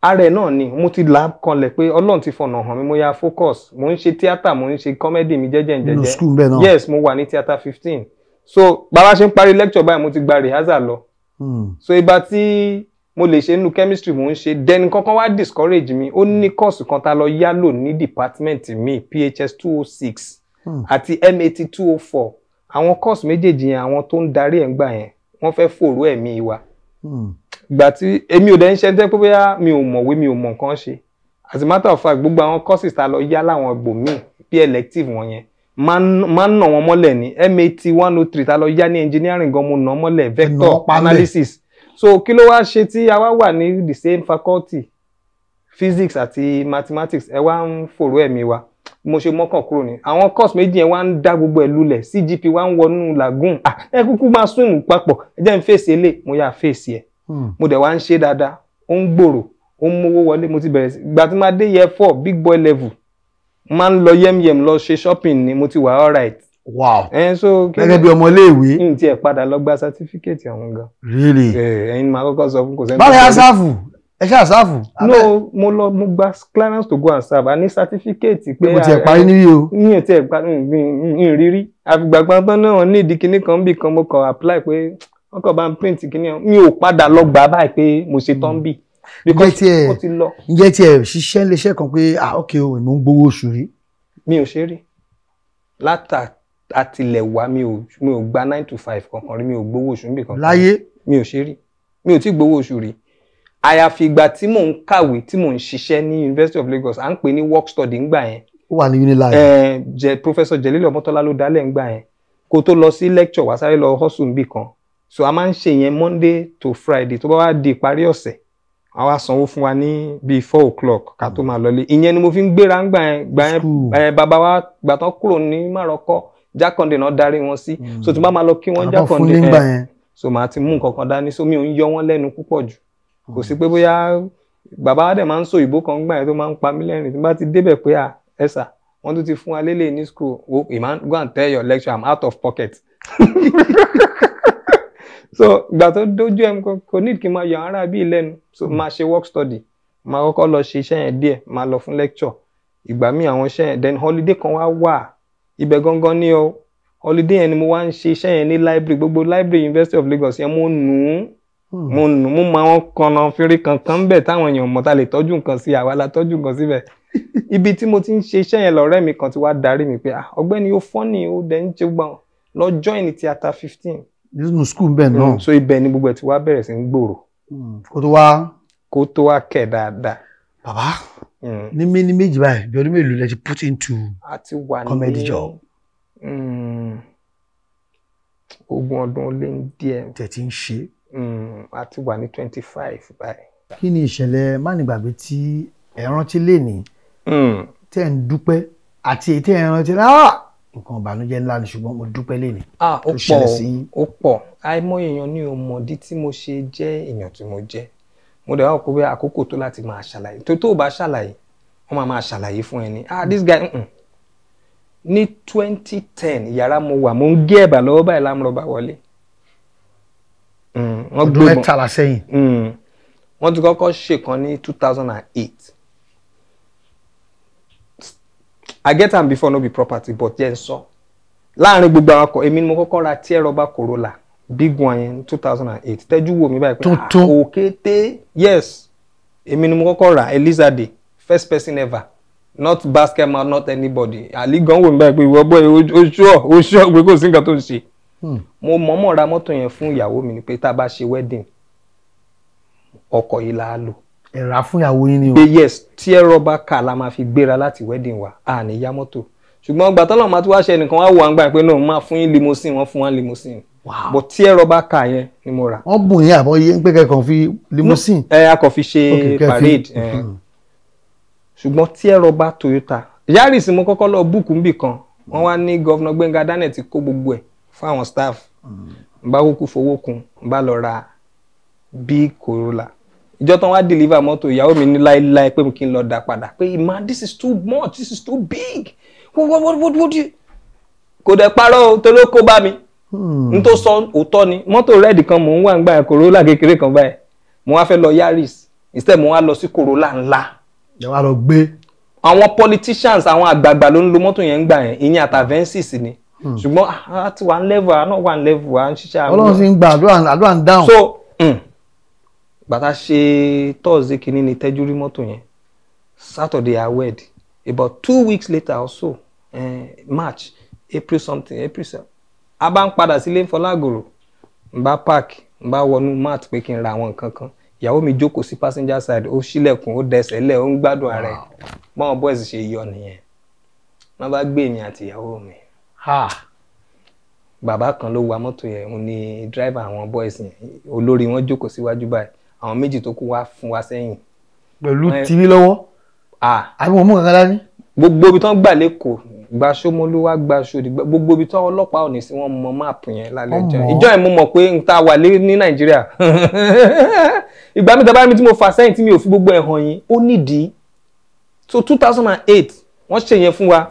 S2: ara ẹ̀ náà ni mo ti là kanlẹ̀ pé ọlọ́run ti fọ̀nà hàn mi mo ya focus mo ń ṣe tíátà mo ń ṣe kọ́mẹ́dì mi jẹ́jẹ́ jẹ́jẹ́ no school bẹ́ẹ̀ náà yes mo wà ní tíátà fifteen so bàbá ṣe ń parí lecture báyìí mo ti gba rehearsal lọ hmm. so ibà tí mo lè ṣe nínú chemistry mo ń ṣe then kankan wá discourage mi ó ní kọ́ọ̀sì kan tá lọ yálò ní department mi PHS two oh six hmm. àti MAT two oh four àwọn kọ́ọ̀sì méjèèjì yẹn àwọn tó ń darí ẹ̀ ń gbà yẹn wọ́n fẹ́ fòrò ẹ̀mí wa. Hmm ìgbà tí èmi ò dẹ̀ ń ṣe ń tẹ́ pé bóyá mi ò mọ̀wé mi ò mọ̀ nǹkan ṣe as a matter of fact gbogbo àwọn courses ta lọ yá láwọn ẹgbòmíì bí elective wọn yẹn máa ń nà wọn mọ́lẹ̀ ní MAT one oh three ta lọ yá ní engineering gan mo nà mọ́lẹ̀ vector analysis so kí ló wá ṣe tí a wá wà ní the same faculty physics àti mathematics ẹ wá ń fòró ẹ̀mí wa mo ṣe mọ́kàn kúrò ní àwọn course méjì yẹn wá ń dá gbogbo ẹ̀ lulẹ̀ CGP wá ń wọnú lagoon ah, ẹ kúkú máa sún ìmú papọ̀ ẹ jẹ́ n fèsì eléyìí mo yà fèsì ẹ̀ Hmm. mo dẹ̀ wá ń ṣe dáadáa ó ń gbòòrò ó ń mówó wọlé mo ti bẹ̀rẹ̀ sí ìgbà tí máa dé year four big boy level máa ń lọ yẹ́myẹ́m lọ ṣe shopping ni mo ti wà alright. wow gẹ́gẹ́ bí ọmọ iléèwé. kí n padà lọ gba certificate ọ̀hún gan. really ẹyin máa kọ́kọ́ sọ fún kò sẹ́ni. báwo ya ẹ ṣáà sáfù. no mo lọ mo gba clearance to go and serve a ní certificate. pé kò tiẹ̀ parí níbí o. mi ò tiẹ̀ parí mi ò rírí àfìgbàgbọ́n tán náà nídìí kinní kan bì kan mo kàn apply pé wọ́n kàn bá ń print kìíní ẹ̀ mi ò padà lọ gbà báyìí pé mo ṣe tán hmm. bì.
S1: because ó ti lọ. ǹjẹ́ tiẹ̀ ṣiṣẹ́ iléeṣẹ́ kan pé ah ok o mo ń gbowó oṣù rí.
S2: mi ò ṣe rí látà mi ò mi ò gba nine to five kankan rí mi ò gbowó oṣù níbì kankan. láyé mi ò ṣe rí mi ò tí gbowó oṣù rí àyàfi ìgbà tí mò ń kàwé tí mò ń ṣiṣẹ́ ní University of Lagos à ń pè ní work study ńgbà yẹn.
S1: ó wà ní Unilag.
S2: ẹ jẹ Professor Jelili Ọmọtọ́lá ló dálẹ̀ ńgbà yẹn kó tó lọ sí lecture wá sáré lọ hustle nbì kan so a máa ń ṣe yẹn monday to friday tó bá wá di ìparí ọ̀sẹ̀ a wá sanwó fún wa ní bíi four o'clock ká tó máa lọlé ìyẹn ni mo fi ń gbéra ń gbà yẹn gbà yẹn bàbá wa gbà tán kúrò ní Maroko jákàndé náà darí wọn sí so tí n bá máa lọ kí wọ́n jákàndé ẹ̀ so màá ti mú nǹkan kan dání so mi ò ń yọ wọ́n lẹ́nu púpọ̀ jù kò sí pé bóyá bàbá wa dẹ̀ máa ń sọ òyìnbó kan gbà yẹn tó máa ń pa mí lẹ́rìn tí n bá ti débẹ̀ pé à ẹ sà tún ti fún wa lélẹ̀ ní school go and tell your lecturer I'm out of pocket *laughs* so ìgbà tó dójú ẹ̀ kò ní kí n máa yọ ara bíi lẹ́nu so hmm. máa ṣe work study máa kọ́kọ́ lọ ṣe iṣẹ́ yẹn díẹ̀ máa lọ fún lecture ìgbà míì àwọn iṣẹ́ yẹn then holiday kan wá wà ibẹ̀ gangan ni o holiday yẹn ni mo wá ń ṣe iṣẹ́ yẹn ní library gbogbo library University of Lagos yẹn mo nù ú hmm. mo nù mo mọ àwọn kanna fèrè kankan ń bẹ̀ táwọn èèyàn mọ̀ ta lè tọ́jú nǹkan sí àwa la tọ́jú nǹkan síbẹ̀ *laughs* ibi tí mo ti ń ṣe iṣẹ́ yẹn lọ́rẹ́ mi kan ti wá darí mi pé ah, ọ̀gbẹ́ni ó fọ́nì ó dẹ̀ ń ṣe gbọ́n lọ join theatre fifteen nínú skul bẹ́ẹ̀ náà. Hmm, so ibẹ̀ ni gbogbo ẹ̀ ti wá bẹ̀rẹ̀ sí ń gbòòrò. Hmm, kó tó wá. kó tó wá kẹ̀ dáadáa. bàbá hmm. ní
S1: mí ní méjì báyìí bí ọdún mélòó lẹ ti put into
S2: comedy job. ogún ọdún lé ní díẹ̀. tẹ̀ ti ń ṣe. a ti wà ní twenty five báyìí.
S1: kí ni ìṣẹ̀lẹ̀ mánigbàgbé tí ẹ rántí lé ní tẹ́ ń dúpẹ́ àti èyí tẹ́ rántí rárá. Ah! nǹkan ìbànújẹ́ ńlá
S2: ni ṣùgbọ́n mo dúpẹ́ lẹ́ni. ah ó pọ̀ ó pọ̀ àìmọye èèyàn ni ò mọ̀dí tí mo ṣe jẹ́ èèyàn tí mo jẹ́ mo dẹ̀ wá kó bẹ́ẹ̀ àkókò tó láti máa ṣàlàyé tó tó bá ṣàlàyé wọ́n máa máa ṣàlàyé fún ẹni ah this guy mm -mm. ní twenty ten yàrá mo wà mo ń gé ẹ̀bà lọ́wọ́ báyìí lámúrọ̀bá wọlé. Mm, ọdún mẹ́tàlá
S1: sẹ́yìn. Mm.
S2: wọ́n ti kọ́kọ́ ṣèkan ní two thousand and eight i get am before no be property but yes. n sọ láàrin gbogbo àwọn ọkọ̀ èmi ni mo kọ́kọ́ ra tiẹ̀ rọ́bà corolla big one yẹn two thousand and eight tẹ́jú wo mi báyìí pé ah òkété yes èmi ni mo kọ́kọ́ ra elizade first person ever not basket man not anybody Ali gan wo mi báyìí pé ìwọ bọ́ oṣù ọ̀ oṣù ọ̀ pé kò sí nǹkan tó ń ṣe hmm. mo mọ̀ọ́mọ̀ ra mọ́tò yẹn fún ìyàwó mi ni pé tá a bá ṣe wedding ọkọ̀ yìí la lò ẹ̀rà fún ìyàwó yín ni o. yes tí ẹ̀rọ bá kà la máa fi gbéra láti wedding wa a ní ya mọ́tò ṣùgbọ́n gbà tọ́lọ̀ máa tún wá ṣe ẹnìkan wá wò wá gbà pé náà máa fún yín limousine wọ́n fún wa limousine. wow but tí ẹ̀rọ bá kà yẹn ni mo rà.
S1: wọ́n bùn yín àbọ̀
S2: yín pé kẹ́kọ̀ọ́ fi limousine. ẹ a kò fi ṣe parade mm-hmm. ṣùgbọ́n tí ẹ̀rọ bá Toyota Yaris mo kọ́kọ́ lọ búùkù níbì kan wọ́n wá ní gọ́vnà Gbẹ́ngà Daniel ti kó gbogbo mm. big Corolla ìjọ tán wá deliver mọ́tò ìyàwó mi ní láéláé pé kí n lọ dá padà pé man this is too much this is too big what what what what, would you. kò dẹ̀ parọ́ o torí ó kó bá mi. Hmm. n tó sọ òótọ́ ni mọ́tò red kan mò ń wà ń gbà Corolla kékeré kan báyìí mo wá fẹ́ lọ Yaris instead mo wá lọ sí Corolla ńlá.
S1: ẹ wá lọ gbé.
S2: àwọn politicians àwọn àgbààgbà ló ń lo mọ́tò yẹn ń gbà yẹn ìyẹn àtàvẹ́ńsìs ni hmm. ṣùgbọ́n a ah, ah, ti wà ń level a ah, náà wà ń level a ń ṣiṣẹ́ àwọn. Ọlọ́run ti ń
S1: gba àdúrà ń dáhùn. so
S2: bàtà ṣe thursday kìíní ni tẹ́jú rí mọ́tò yẹn saturday i wed about two weeks later also so eh, march april something april seven a bá ń padà sílé ń fọlágòrò ń bá park ń bá wọnú mart pé kí n ra àwọn nǹkan kan ìyàwó mi jókòó sí passenger side ó ṣílẹ̀kùn ó dẹsẹ̀ lẹ̀ ó ń gbádùn ara ẹ̀ báwọn boys ṣe yọ nìyẹn wọ́n bá gbé mi àti ìyàwó mi. bàbá kan ló wa mọ́tò yẹn òun ni driver àwọn boys yẹn olórí wọn jókòó síwájú báyìí àwọn méjì tó kù wá fún wa sẹ́yìn. pẹ̀lú tìrí lọ́wọ́ àbí wọn mú kankan dání. gbogbo ibi tán gbà lẹ́kọ̀ọ́ gbaṣọ mọ́lúwá gbaṣọ òdìgbà gbogbo ibi tán ọlọ́pàá òní sí wọn mọ máàpù yẹn lálẹ́ ìjọ ìjọ yẹn mo mọ̀ pé n ta wà lé ní nàìjíríà *laughs* ìgbà mi dábàá mi tí mo fà sẹ́yìn tí mi ò fi gbogbo ẹ̀ hàn yín ó nídìí so two thousand and eight wọ́n ṣe yẹn fún wa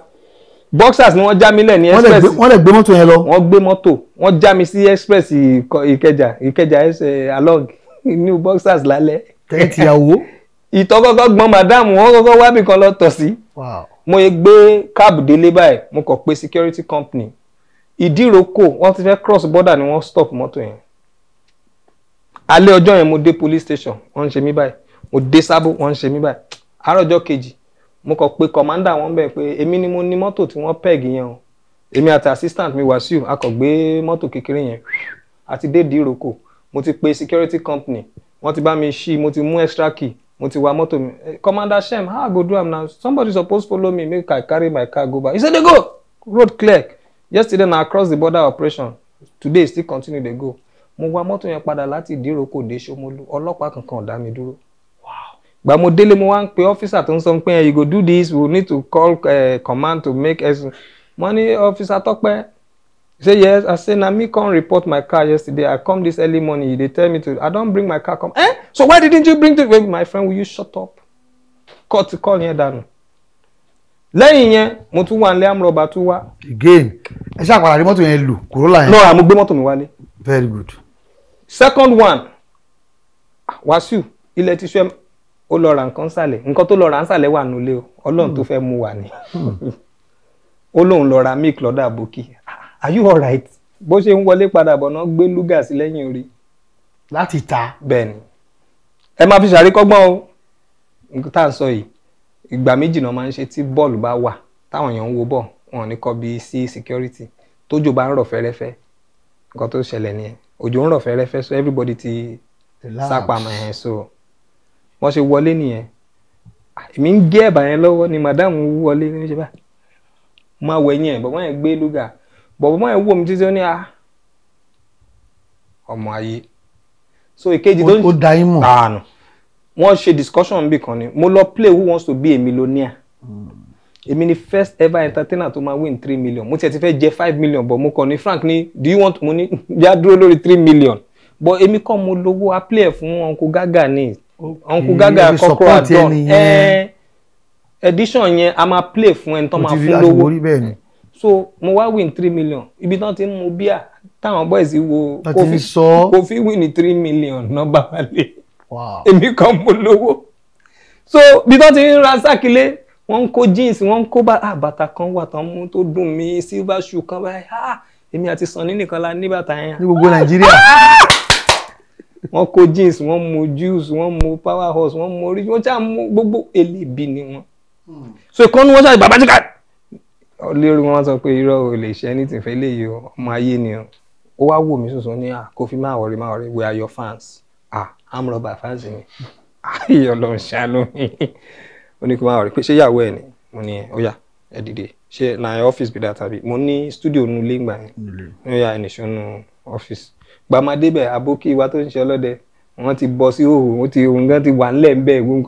S2: boxers ni wọ́n já mi lẹ̀ ní express wọ́n lè gbé mọ́tò yẹn lọ wọ́n gbé mọ́tò wọ́n já mi sí express ìkẹjà ìkẹjà eh, along inú boxers lálẹ́. kẹ́yìn tìyàwó. *laughs* ìtọ́ kọ́kọ́ gbọ́n màdáàmù wọn kọ́kọ́ wábì kan lọ tọ̀ sí. mo ye gbé cab délé báyìí mo kàn pé security company ìdíròkò wọ́n ti fẹ́ cross border ni wọ́n stop mọ́tò yẹn. alẹ́ ọjọ́ yẹn mo dé police station wọ́n ń ṣe mí báyìí mo dé sábò wọ́n ń ṣe mí báyìí àárọ̀ ọjọ́ kejì mo kàn pé commander wọn bẹ̀ pé èmi ni mo ní mọ́tò tí wọ́n peg yẹn o èmi àti assistant mi Wàsíù a kàn gbé mọ́tò kékeré yẹn àti dé ìdíròkò mo ti pe security company wọ́n ti bá mi ṣí mo ti mú extra key mo ti wa mọ́tò mi eh, commander shem how ah, i go do am now somebody suppose follow me make i carry my car go back he say dey go road clear yesterday na across the border operation today still continue dey go mo wa mọ́tò yẹn padà láti ìdíròkò dé Ṣómólú ọlọ́pàá kankan ò mi dúró gbà mo délé mo wá ń pe ọ́fíìsà tó ń sọ pé you go do this we need to call uh, command to make ẹ̀sùn mo ní ọ́fíìsà Tọ́pẹ́ He say yes. I say na me come report my car yesterday. I come this early morning. They tell me to. I don't bring my car. Come. Eh? So why didn't you bring it? Wait, my friend, will you shut up? Cut the call here, dànù. Lẹ́yìn yẹn, mo tún wà nílé àmúrọ̀bà tún wá. Again, ẹ ṣe àpàrà rí mọ́tò yẹn lù Corolla yẹn. No, àmú gbé mọ́tò mi wálé. Very good. Second one, ah, Wàsíù, ilẹ̀ ti ṣe ó lọ ra nǹkan sàlẹ̀. Nǹkan tó lọ ra ń sàlẹ̀ wà nulẹ̀ o. Ọlọ́run tó hmm. fẹ́ mú wà ni. Hmm. Ó lóun lọ ra milk lọ́dọ̀ àbókì are you alright bó ṣe ń wọlé padà bọ̀ náà gbé lúgà sí lẹ́yìn orí. láti ta. bẹ́ẹ̀ni ẹ máa fi ṣàríkọ́gbọ́n o nǹkan tá à ń sọ yìí ìgbà méjì náà máa ń ṣe tí bọ́ọ̀lù bá wà táwọn èèyàn ń wo bọ̀ wọn ní kọ́ bí sí security tójò bá ń rọ̀ fẹ́rẹ́fẹ́ nǹkan tó ṣẹlẹ̀ nìyẹn òjò ń rọ̀ fẹ́rẹ́fẹ́ so everybody ti sápamọ́ ẹ̀ so wọ́n ṣe wọlé nìyẹn èmi ń gé ẹ̀bà yẹn lọ́wọ́ ni madam wọlé ní ṣe bá máa wẹ̀yìn ẹ̀ bọ́ wọ́n yẹn gbé lúgà bọ̀bọ̀mọ́ ẹ̀ wò mí títí ó ní a ọmọ ayé so ìkejì tó ń tàànù ah, wọ́n ṣe discussion bí kan ni mo lọ play who wants to be a millionaire hmm. èmi ni first ever entertainer tó máa win three million mo tiẹ̀ ti fẹ́ jẹ five million but mo kàn ní Frank ní do you want mo ní *laughs* yá dúró lórí three million but èmi kàn mo lówó a play fún Uncle Gaga ní Uncle Gaga kọ́kọ́ àdán eh, edition yẹn a máa play fún ẹni tó máa fún lówó so mo wá win three million ibi tán ti ń mu bíà táwọn boys wo kofi kofi win three million náà bàbá lè èmi kan mo lówó so ibi tán ti ń ra sákìlẹ̀ wọ́n ń kó jeans wọ́n ń kó ah, bàtà kan wà tán mú tó dùn mí silver shoe kan báyìí ah èmi àti Sunny nìkan la ní bàtà yẹn. ní gbogbo Nàìjíríà. Ah, ah, wọ́n kó jeans wọ́n mu juice wọ́n mu power horse wọ́n mu oríṣi wọ́n ṣáà mu gbogbo èlébì ni wọ́n. Hmm. so ìkànnì wọn ṣáà bàbá jíkà lérò wọn sọ pé irọ́ ò lè ṣe anything fẹ́ léyìí o ọmọ ayé ni ó wá wò mí sùsùn ní à kò fi máa wọrí máa wọrí we are your fans *laughs* ah i'm rubber fans mi ayọ̀ ló ń ó ní kó máa wọrí pé ṣé ìyàwó ẹ̀ ni mo ní ó yá ẹ dìde ṣe na ọ́fíìsì bí dáa tàbí mo ní stúdíò nulẹ̀ ìgbà yẹn ó yá ẹnìṣọ́ nu ọ́fíìsì gbàmádébẹ̀ abókí wa tó ń ṣe ọlọ́dẹ wọ́n ti bọ́ sí òhùn ó ti òhun gan ti wà ńlẹ̀ ńbẹ̀ ìwé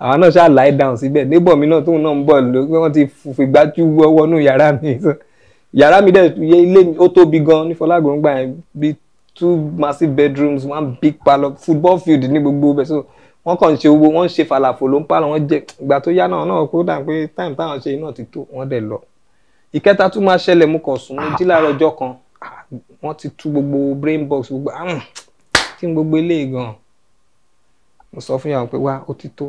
S2: àwọn náà ṣáà lie down síbẹ̀ neighbor mi náà tóun náà ń bọ̀ lórí wọ́n ti fìgbà tú wọnú yàrá mi yàrá mi dẹ̀ yẹ ilé mi ó tóbi gan ní Fọlágòrún gbà yẹn bíi two massive bedrooms one big parlour football field ní gbogbo bẹ́ẹ̀ so wọ́n kàn ṣe owó wọ́n ṣe fàlàfò ló ń pààlọ́ wọ́n jẹ ìgbà tó yá náà náà kó dà pé time táwọn ṣe iná ti tó wọ́n dẹ̀ lọ ìkẹta tún máa ṣẹlẹ̀ mú kàn sùn jí láàárọ̀ ọjọ́ kan ah, wọ́n ti tú gbogbo brain box gbogbo àrùn ah, tí gbogbo eléyìí gan mo sọ fún yàrá pé wá ó ti tó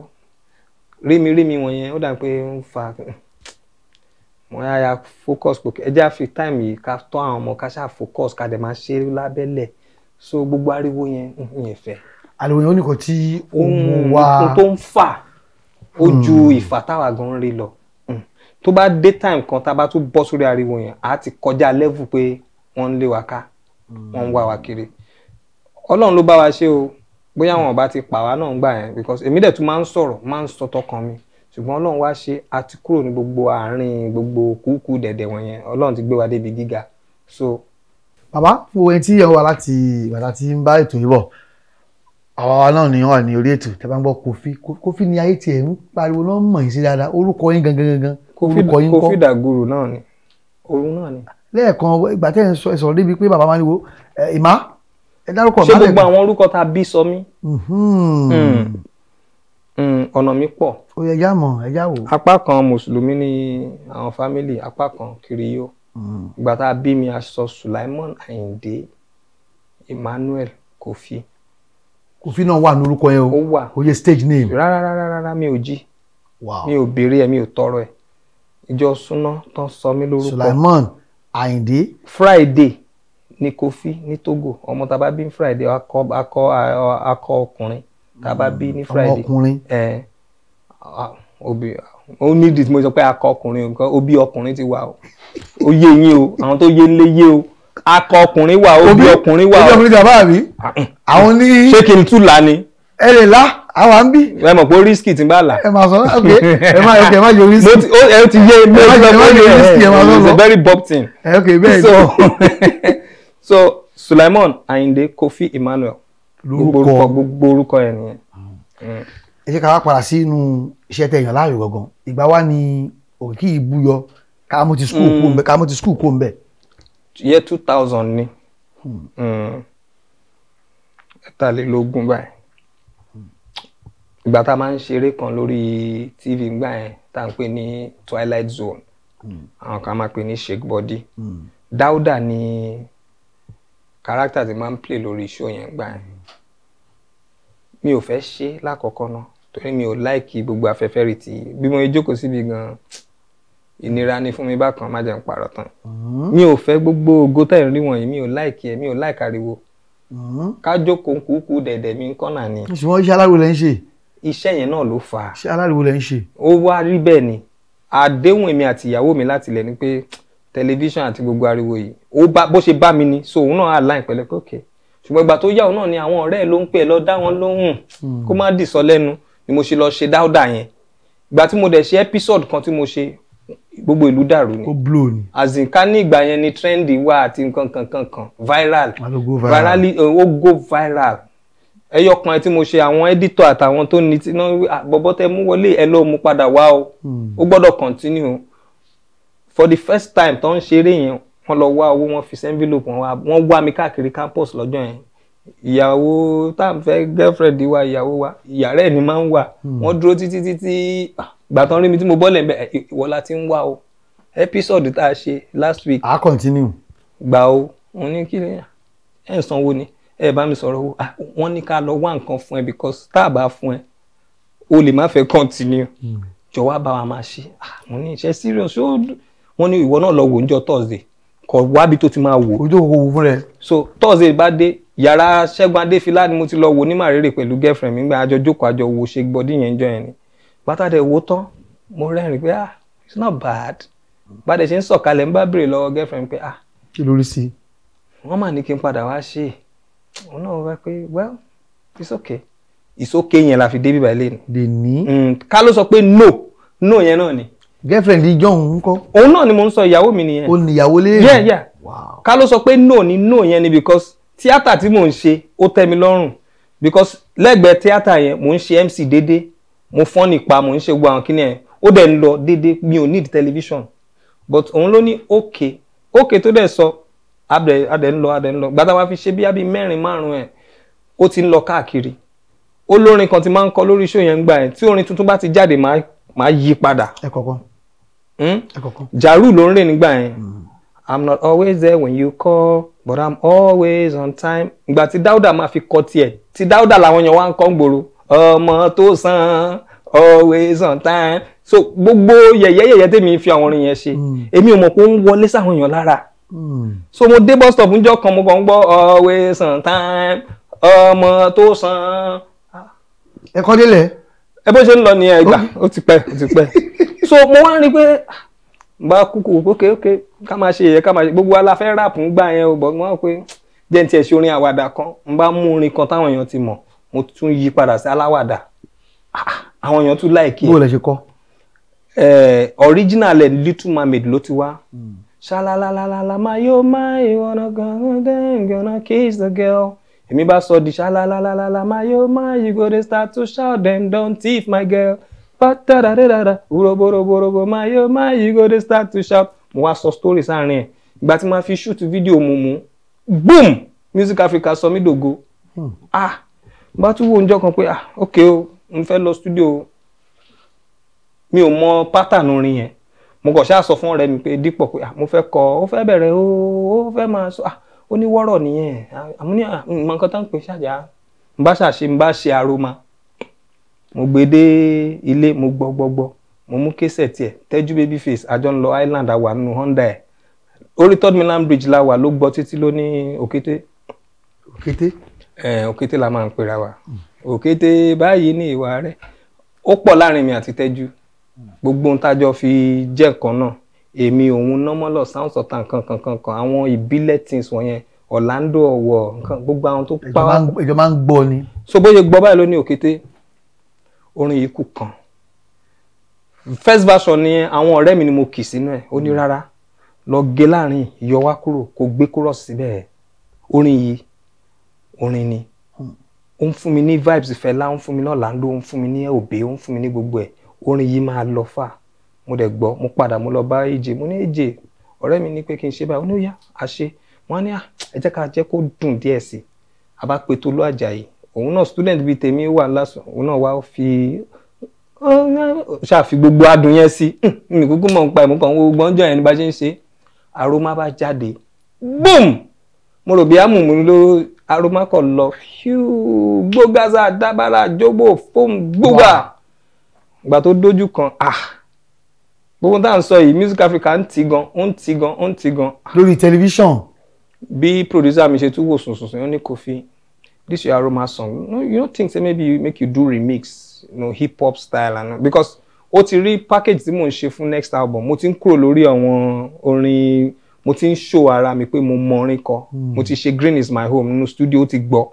S2: rími rími wọ̀nyẹn ó dà pé ń fa mo yà ya focus pé ẹ jẹ́ àfi time yìí ká tọ́ àwọn ọmọ ká ṣáà focus ká dẹ̀ máa ṣe lábẹ́lẹ̀ so gbogbo ariwo yẹn ìyẹn fẹ́. àlùwẹ̀ yẹn ó nìkan tí ó mú wa. ohun tó ń fà ó hmm. ju ìfà táwa gan rí lọ hmm. tó bá dé time kan tá a bá tún bọ́ sórí ariwo yẹn àá ti kọjá level pé wọ́n ń lé wa ká hmm. wọ́n ń wá wa kiri ọlọ́run ló bá wa ṣe o bóyá wọn bá ti pàwá náà gbà yẹn because èmi dẹ̀ tún máa ń sọ̀rọ̀ máa ń sọ tọkàn mi ṣùgbọ́n ọlọ́run wá ṣe a ti kúrò ní gbogbo àárín gbogbo kúkú dẹ̀dẹ̀ wọ̀nyẹn ọlọ́run ti gbé wa débi gíga so.
S1: bàbá wo ẹni tí ẹ wà láti ìgbàdá tí ń bá ètò yìí bọ̀ àwa wa náà ni wà ní orí ètò tẹ́ bá ń gbọ́ Kofi Kofi ni ayé tiẹ̀ ń pariwo náà mọ̀ yín sí dáadáa orúkọ yín gangan gangan orúkọ yín kọ́ Kofi
S2: Daguru náà ni
S1: òun náà ni. lẹ́ẹ̀kan ìgbà tẹ́ ẹ̀ sọ̀rọ̀ débi pé bàbá máa ń wo ìmá
S2: ẹ dárúkọ màálẹ̀ ṣé gbogbo àwọn orúkọ tá a bí sọ mí. Hmm. Hmm, ọ̀nà mi pọ̀. ó yẹ ẹja mọ̀ ẹja wò. apá kan mùsùlùmí ni àwọn fámìlì apá kan kìrìyó. Hmm. ìgbà tá a bí mi a sọ Sulaimon Ayinde Emmanuel Kofi. Kofi náà wà lórúkọ yẹn o. ó yẹ stage name. rárá rárá rárá mi ò jí. mi ò béèrè ẹ mi ò tọrọ ẹ ìjọ súná tán sọ mí lórúkọ. Sulaimon Ayinde. Friday ní Kofi ní Togo ọmọ tá bá bí ní Friday akọ akọ akọ ọkùnrin tá a bá bí ní mm, Friday ọmọkùnrin ẹ obi ó ní ìdí tí mo sọ pé akọ ọkùnrin nǹkan obi ọkùnrin ti wà o ó yé yín o àwọn tó yé lé yé o akọ ọkùnrin wà obi ọkùnrin wà o obi ọkùnrin ti àbá ah, mi mm. àwọn ní. ṣé kí n tún là ni. ẹ lè la àwa ń bí. ẹ mọ̀ pé rísíkì ti bá là. ẹ máa sọ náà pé ẹ máa ẹ máa yọ rísíkì. ẹ ti yé ẹ máa yọ rísíkì ẹ máa sọ lọ. it's a very bob thing. ẹ ok bẹ́ẹ̀ ni. *laughs* so Suleiman Ayinde Kofi Emmanuel lórúkọ gbogbo orúkọ ah. ẹ nìyẹn.
S1: ẹ ṣe ká wá padà sínú iṣẹ́ tẹ̀yàn láàyò gangan ìgbà wa ni òkè ìbúyọ kàmú ti skul kó nbẹ
S2: kàmú skul kó nbẹ. year two thousand ni hmm. Hmm. ẹ̀tàlélógún báyìí ìgbà tá a máa ń ṣeré kan lórí tv gbà yẹn tá à ń pè ní twilight zone hmm. àwọn kan máa pè ní shake body dáúdà ni. Mm character ti máa ń play lórí show yẹn gbà yẹn mi ò fẹ́ ṣe lákọ̀ọ́kọ́ náà torí mi ò láìkí gbogbo afẹ́fẹ́ rí ti bí mo jókòó síbi gan ìnira ni fún mi bákan má jẹun pààrọ̀ tán
S1: mm-hmm. mi ò
S2: fẹ́ gbogbo ògo tẹ̀ ń rí wọ̀nyí mi ò láìkí ẹ̀ mi ò láìka ariwo mm-hmm. ká jókòó kúkú dẹ̀dẹ̀ mi kọ́ náà ni.
S1: ṣùgbọ́n iṣẹ́ aláriwo lẹ ń ṣe.
S2: iṣẹ́ yẹn náà ló fà á. iṣẹ́ aláriwo lẹ ń ṣe. ó wá rí bẹ́ẹ̀ ni àdéhùn èmi àti ìyàwó mi láti ilẹ̀ ni pé tẹlifíṣàn àti gbogbo ariwo yìí ó bá bó ṣe bá mi ni so òun náà align pẹ̀lẹ́ pé ok ṣùgbọ́n ìgbà tó yá òun náà ni àwọn ọ̀rẹ́ ẹ̀ ló ń pè lọ dá wọn lóhùn hmm. kó má dìsọ lẹ́nu ni mo ṣe lọ ṣe dáúdà yẹn ìgbà tí mo dẹ̀ ṣe episode kan tí mo ṣe gbogbo ìlú dàrú ni
S1: ó
S2: ni ní ìgbà yẹn ni trendy wà àti nǹkan kan kan kan viral virali eh, ó go viral ẹyọ kan tí mo ṣe àwọn editor àtàwọn tó ní tí náà bọ́bọ́ tẹ mú wọlé ẹ ló mú padà wá o hmm. ó gbọ́dọ̀ continue for the first time tó ń ṣeré yẹn wọ́n lọ wá owó wọ́n fi sẹ́ńvílòpù wọ́n wá mi káàkiri campus lọ́jọ́ yẹn ìyàwó tá à ń fẹ́ girlfriend wa ìyàwó wa ìyàrá ẹ̀ ni máa ń wà hmm. wọ́n dúró títí títí gbà tán rí mi tí mo bọ́lẹ̀ ń bẹ ìwọ la ti ń wá o episode tá a ṣe last week. a continue. gbà o wọ́n ní kí ẹ ń sanwó ni ẹ bá mi sọ̀rọ̀ o wọ́n ní ká lọ wá nǹkan fún ẹ because tá a bá fún ẹ o lè má fẹ́ continue hmm. jọ̀wọ́ bá wa máa ṣe mo ní iṣẹ́ serious ó. So, wọ́n ní ìwọ náà lọ wò níjọ́ thursday kò wábi tó ti máa wò. ojú òwò fún rẹ. so thursday bá dé yàrá ṣẹ́gun adéfilá ni mo ti lọ wò ní màrèrè pẹ̀lú girlfriend mi gba àjọ jókòó àjọ wò ṣe gbọ́dí yẹn jọ yẹn ni pátádẹ wo tán mo rẹ́rìn pé ah it's not bad bàdẹ ṣe ń sọ̀kalẹ̀ ń bá béèrè lọ́wọ́ girlfriend pé ah. kí ló rí sí i. wọ́n mà ní kí n padà wá ṣe é òun náà wá pé well it's okay it's okay yẹn la fi dé bíbá ilé ni. dè ní. Mm, ká ló sọ pé no no yẹn náà ni girlfriend ìjọ́hún ń kọ́. òun náà ni mo ń sọ ìyàwó mi nìyẹn. o ní ìyàwó lé. yeah yeah ká ló sọ pé no ni no yẹn ni because tíátà tí mò ń ṣe ó tẹ́ mi lọ́rùn because lẹ́gbẹ̀ẹ́ tíátà yẹn mò ń ṣe MC déédéé mo fọ́n nípa mò ń ṣe gbogbo àwọn kíní yẹn ó dẹ̀ ń lọ déédéé mi ò need television but òun ló ní okay okay tó dẹ̀ sọ adẹ̀ adẹ̀ ń lọ adẹ̀ ń lọ gbàtà wa fi ṣe bí abí mẹ́rin márùn-ún ẹ̀ ó ti ń lọ káàkiri olórin kan ti máa ń kọ lórí iṣẹ́ yẹn ń gbà yẹn tí orin tuntun bá ti jáde máa yí padà. ẹ kọ̀ọ̀kan Hmm. Jaru ló ń rìn nígbà yẹn hmm. i'm not always there when you call but i'm always on time ìgbà tí Dáúdà máa fi kọ tiẹ̀ tí Dáúdà làwọn èèyàn wá ń kọ́ ń gbòòrò ọmọ tó san always on time so gbogbo yẹ̀yẹ́ yẹ̀yẹ́ tèmi fi àwọn orin yẹn ṣe hmm. èmi ò mọ̀ pé ó ń wọlé sáwọn èèyàn lára hmm. so mo dé bus stop níjọ́ kan mo kàn ń gbọ́ always on time ọmọ tó san. ẹ̀kọ́ délẹ̀. ẹ bó ṣe ń lọ nìyẹn ìgbà ó ti pẹ́ ó ti pẹ́ so mo wá ń rí i pé gba kúkú ókè ókè ká máa ṣe yẹ ká máa ṣe gbogbo wa fẹ́ rap ń gbà yẹn o bọ̀ wọ́n pé jẹ́ ní tiẹ̀ ṣe orin àwàdà kan ń bá mú orin kan táwọn èèyàn ti mọ̀ mo tún yí padà sí aláwàdà ah, àwọn èèyàn tún láìkí bó o lè ṣe kọ́. Eh, original ẹ̀ little mermaid ló ti wá hmm. ṣalalalala ma oh, yo ma iwọna gangan gonna kiss the girl. èmi bá sọ di ṣalalalala ma yo oh, ma you go dey start to shout dem don thief my girl pátáradára ròbòròbòròbò máyó oh, máyí go dey start to shout mo wá sọ story sáàrin ẹ̀ ìgbà tí màá fi shoot video mo mú boom music africa sọ mí dògo hmm. ah bá tún wo oúnjẹ kan pé ah ok o mo fẹ́ lọ studio mi ò mọ pátánù orin yẹn mo kàn ṣáà sọ fún ọ̀rẹ́ mi pé dípọ̀ pé ah, mo fẹ́ kọ ó fẹ́ bẹ̀rẹ̀ ó ó fẹ́ máa sọ ah, ó ní wọ́rọ̀ nìyẹn àmúni ah, àmọ́ nǹkan tó ń pè ṣáàjà ń bá ṣàṣe ń bá ṣe aroma mo gbé dé ilé mo gbọ́ gbọ́ gbọ́ mo mú késẹ̀ tiẹ̀ tẹ́jú baby face àjọ ń lọ island àwa nínú honda ẹ̀ orí third mainland bridge la wà ló gbọ́ títí ló ní òkété. òkété. ẹ òkété la máa ń pera wa òkété báyìí ní ìwà rẹ ó pọ̀ láàrin mi àti tẹ́jú gbogbo ohun tájọ fi jẹ́ nǹkan náà èmi òun nọ́mọ́lọ̀ sound sultan kankan kankan àwọn ìbílẹ̀ things wọ̀nyẹn Orlando ọ̀wọ̀ nǹkan gbogbo àwọn tó pa wá. ìjọba ń gbọ́ ni. so bóyá gbọ́ báyìí ló ní òkété orin yìí kù kan first version ni àwọn ọ̀rẹ́ mi ni mo kì sínú ẹ̀ ó ní hmm. rárá lọ gé láàrin yọ wá kúrò kó gbé kúrò síbẹ̀ orin yìí orin ni hmm. ó ń fún mi ní vibes Fẹlá ó ń fún mi ní Orlando ó ń fún mi ní òbí ó ń fún mi ní gbogbo ẹ̀ orin yìí máa lọ fà mo dẹ̀ gbọ́ mo padà mo lọ bá èjè mo ní èjè ọ̀rẹ́ mi ní pé kí n ṣe báyìí ó ní ó yá àṣe wọ́n á ní à ẹ jẹ́ ká jẹ́ kó dùn díẹ̀ sí i àbá pe Tolú Àjàyí òun náà student bíi tèmi wà lásán òun náà wá fi ṣàfi gbogbo adùn yẹn sí hmm, mi kúkú mọ̀ nípa ìmúkan owó gbọ́njọ́ yẹn ni bá ṣe ń ṣe aroma bá jáde boom mo rò bí amúmú ló aroma kọ̀ lọ gbógázà dábàrà jógbó fóòmù gbógbà ìgbà tó dójú kan ah gbogbo tá ń sọ yìí music africa ń ti gan ó ń ti gan ó ń ti gan.
S1: lórí tẹlifíṣàn.
S2: bí producer mi ṣe tún wò sùnsùn sí ó ní kò fi this your aroma song you know, you know think say maybe make you do remix you know hip hop style and because o ti rí package tí mò ń ṣe fún next album mo ti ń kúrò lórí àwọn orin mo ti ń show ara mi pé mo mọ orin kan hmm. mo ti ṣe green is my home nínú studio ti gbọ́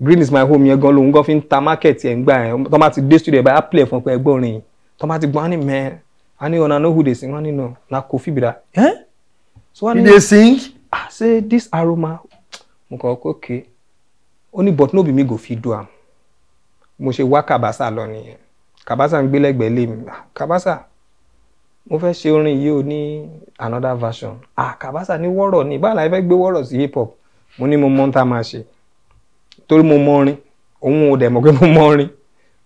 S2: green is my home yẹn gan lòun gan fi ń ta market yẹn gbà yẹn tó bá ti dé studio ẹ̀ bá play fún pé ẹgbẹ́ orin yìí tó bá ti gbọ́ ní mẹ́ a ní ọ̀nà no who dey sing wọ́n nínú na Kofi be that. so wọ́n ní you dey sing. i ah, say this aroma mo kàn kó okay ó ní but no be me go fit do am mo ṣe wá kàbásà lọ nìyẹn kàbásà ń gbélẹ̀gbẹ́ lé mi ah, kàbásà mo fẹ́ ṣe orin yìí ó ní another version ah kàbásà ní wọ́rọ̀ ní báàlà ẹ fẹ́ gbé wọ́rọ̀ sí hip hop mo ní mo mọ tá a máa ṣe torí mo mọ òun ò dẹ̀ mọ̀ pé mo mọ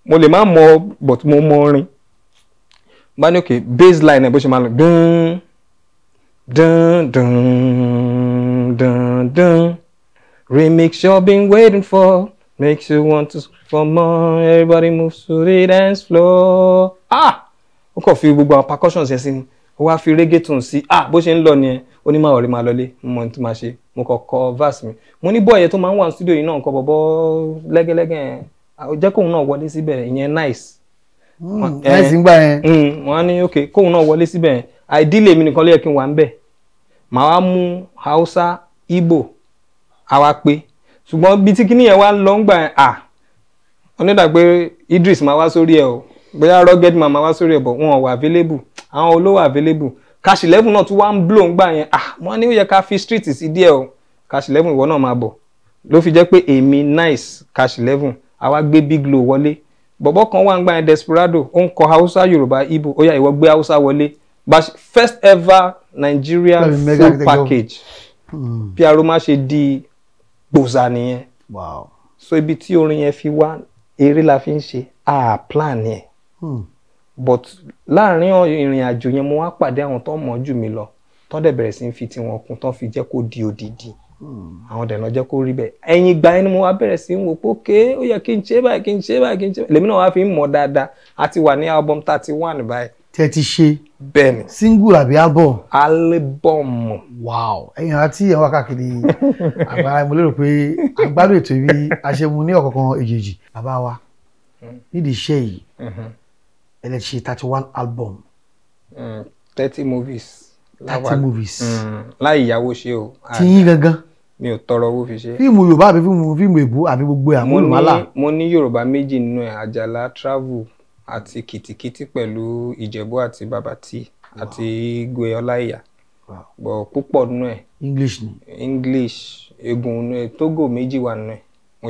S2: mo lè má mọ but mo mọ orin bá ní òkè baseline ẹ̀ bó ṣe máa lọ dún dún dún dún dún Remix you've been waiting for makes you want to for more. Everybody moves to the dance floor. Ah! Ó kàn fi gbogbo àwọn percussions yẹn sí ni. Ó wá fi reggaeton sí. Ah! Bó ṣe ń lọ nìyẹn. Ó ní máa ọ̀rẹ́ máa lọlé. Mo mọ ohun tí máa ṣe. Mo kàn kọ verse mi. Mo ní bọ́ọ̀yẹ tó máa ń wà ní studio yìí náà kọ bọ̀bọ̀ lẹ́gẹ́lẹ́gẹ́ yẹn. Jẹ́ kóun náà wọlé síbẹ̀ ìyẹn nice. Hmm, nice ń eh, gbà yẹn. Hmm, wọ́n á ní ok kóun náà wọlé síbẹ̀ yẹn. Àìdílé mi nìkan ló yẹ kí n wà ń bẹ̀. Màá wá mú Hausa, Igbo, á wá pé ṣùgbọ́n bí tí kíní yẹn wá lọ ń gbà à onídà pé Idris máa wá sórí ẹ o bóyá rugged man máa wá sórí ẹ bọ̀ wọn wà available àwọn olówó available cash eleven náà tún wá ń blow ń gbà yẹn à wọ́n ní ó yẹ ká fi street sí díẹ̀ o cash eleven ìwọ náà máa bọ̀ ló fi jẹ́ pé èmi nice cash eleven àwa gbé big low wọlé bọ̀bọ̀ kan wà ń gbà yẹn desperado ó ń kọ hausa yorùbá ibo ó yá ìwọ gbé hausa wọlé first ever Nigeria full package mm. piaro má ṣe di gbòòsà nìyẹn so ibi tí orin yẹn fi wá eré la fi ń ṣe a plan yẹn hmm. but láàrin ìrìn àjò yẹn mo wá pàdé àwọn tó mọ̀ jù mí lọ tó dẹ̀ bẹ̀rẹ̀ sí ń fi tiwọn kún tó fi jẹ́ kó di odidi hmm. àwọn dẹ̀nà jẹ́ kó rí bẹ́ẹ̀ ẹ̀yìn ìgbà yẹn ni mo wá bẹ̀rẹ̀ sí ń wò pé ókè ó yẹ kí n ṣe báyìí kí n ṣe báyìí kí n ṣe báyìí lèmi náà wá fi ń mọ̀ dáadáa a ti wà ní album thirty one báyìí
S1: tẹ ti ṣe. bẹ́ẹ̀ni. single àbí album.
S2: álíbọ̀mù. wow
S1: ẹ̀yin àti ẹ̀wọ̀n wákàkiri *laughs* àgbára mo lérò pé agbádùn ètò ibi aṣẹ́mu ní ọ̀kọ̀ọ̀kan èjèèjì bàbá wa nídìí iṣẹ́ yìí mm-hmm. ẹ lè ṣe thirty one album.
S2: Mm, thirty movies. thirty movies. Mm, láì ìyàwó ṣe o. ti yín gangan mi ò tọrọ owó fi ṣe. fíìmù yorùbá
S1: àbí fíìmù fíìmù èbú àbí gbogbo àmúlùmálà.
S2: mo ní yorùbá méjì nínú ẹ àjàlá travel àti kìtìkìtì pẹ̀lú ìjẹ̀bú àti bàbàtì àti igwe ọláìyà bọ̀ púpọ̀ nù ẹ̀. english ni. english egun nù ẹ̀ togo méjì wà nù ẹ̀.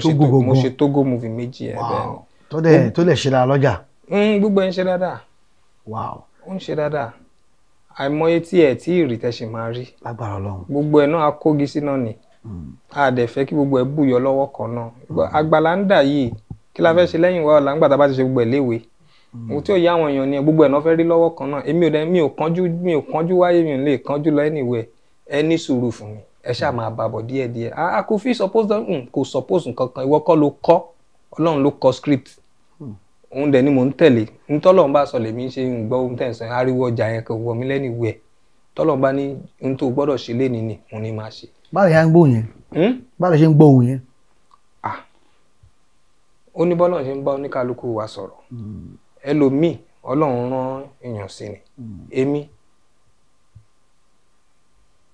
S2: togo gbogbo mo ṣe togo movie méjì ẹ̀ bẹ́ẹ̀ ni. tó dẹ̀ tó lè ṣe lọ́jà. Mm, gbogbo ẹ̀ ń ṣe dáadáa. wow. ó ń ṣe dáadáa àìmọye tí ẹ tí ìrì tẹ ṣe máa rí. lágbára Ọlọ́run. gbogbo ẹ náà akógi sí náà ni. Mm. a dẹ̀ fẹ́ kí gbogbo ẹ bùyọ lọ́wọ́ kan náà. Mm. àgbàlá ń dà yìí kí la fẹ́ ṣe lẹ́yìn wa ọ̀la ńgbà tá a bá ti ṣe gbogbo ẹ̀ léwe. Hmm. ohun tí ò yá àwọn èèyàn ni gbogbo ẹ̀ náà fẹ́ rí lọ́wọ́ kan náà èmi ò dẹ mi ò kánjú mi ò kánjú wáyé mi ò lè kánjú lọ anywhere ẹ sùúrù fún mi ẹ ṣáà máa bàbọ̀ díẹ̀ díẹ̀ a kò fi suppose um, kò suppose nǹkan kan ìwọ kọ́ ló kọ́ ọlọ́run ló kọ script hmm. òun dẹ̀ ni mò ń tẹ̀lé ní tọ́lọ́run bá sọ lèmi ṣe ń gbọ́ ohun tẹ̀ ń sọ ariwo ọjà yẹn kò wọ mí lẹ́nu ìwé ẹ̀ tọ́lọ́run bá ní ohun tó gbọ́dọ̀ ṣe léni ni òun ni máa ṣe.
S1: báyìí a ń gbóhùn yẹn báyìí ṣe ń gbóhùn yẹn.
S2: ó ní bọ́lá ṣe ń bá oníkálukú wa sọ̀rọ̀ ẹlòmíì ọlọ́run rán èèyàn sí ni hmm. èmi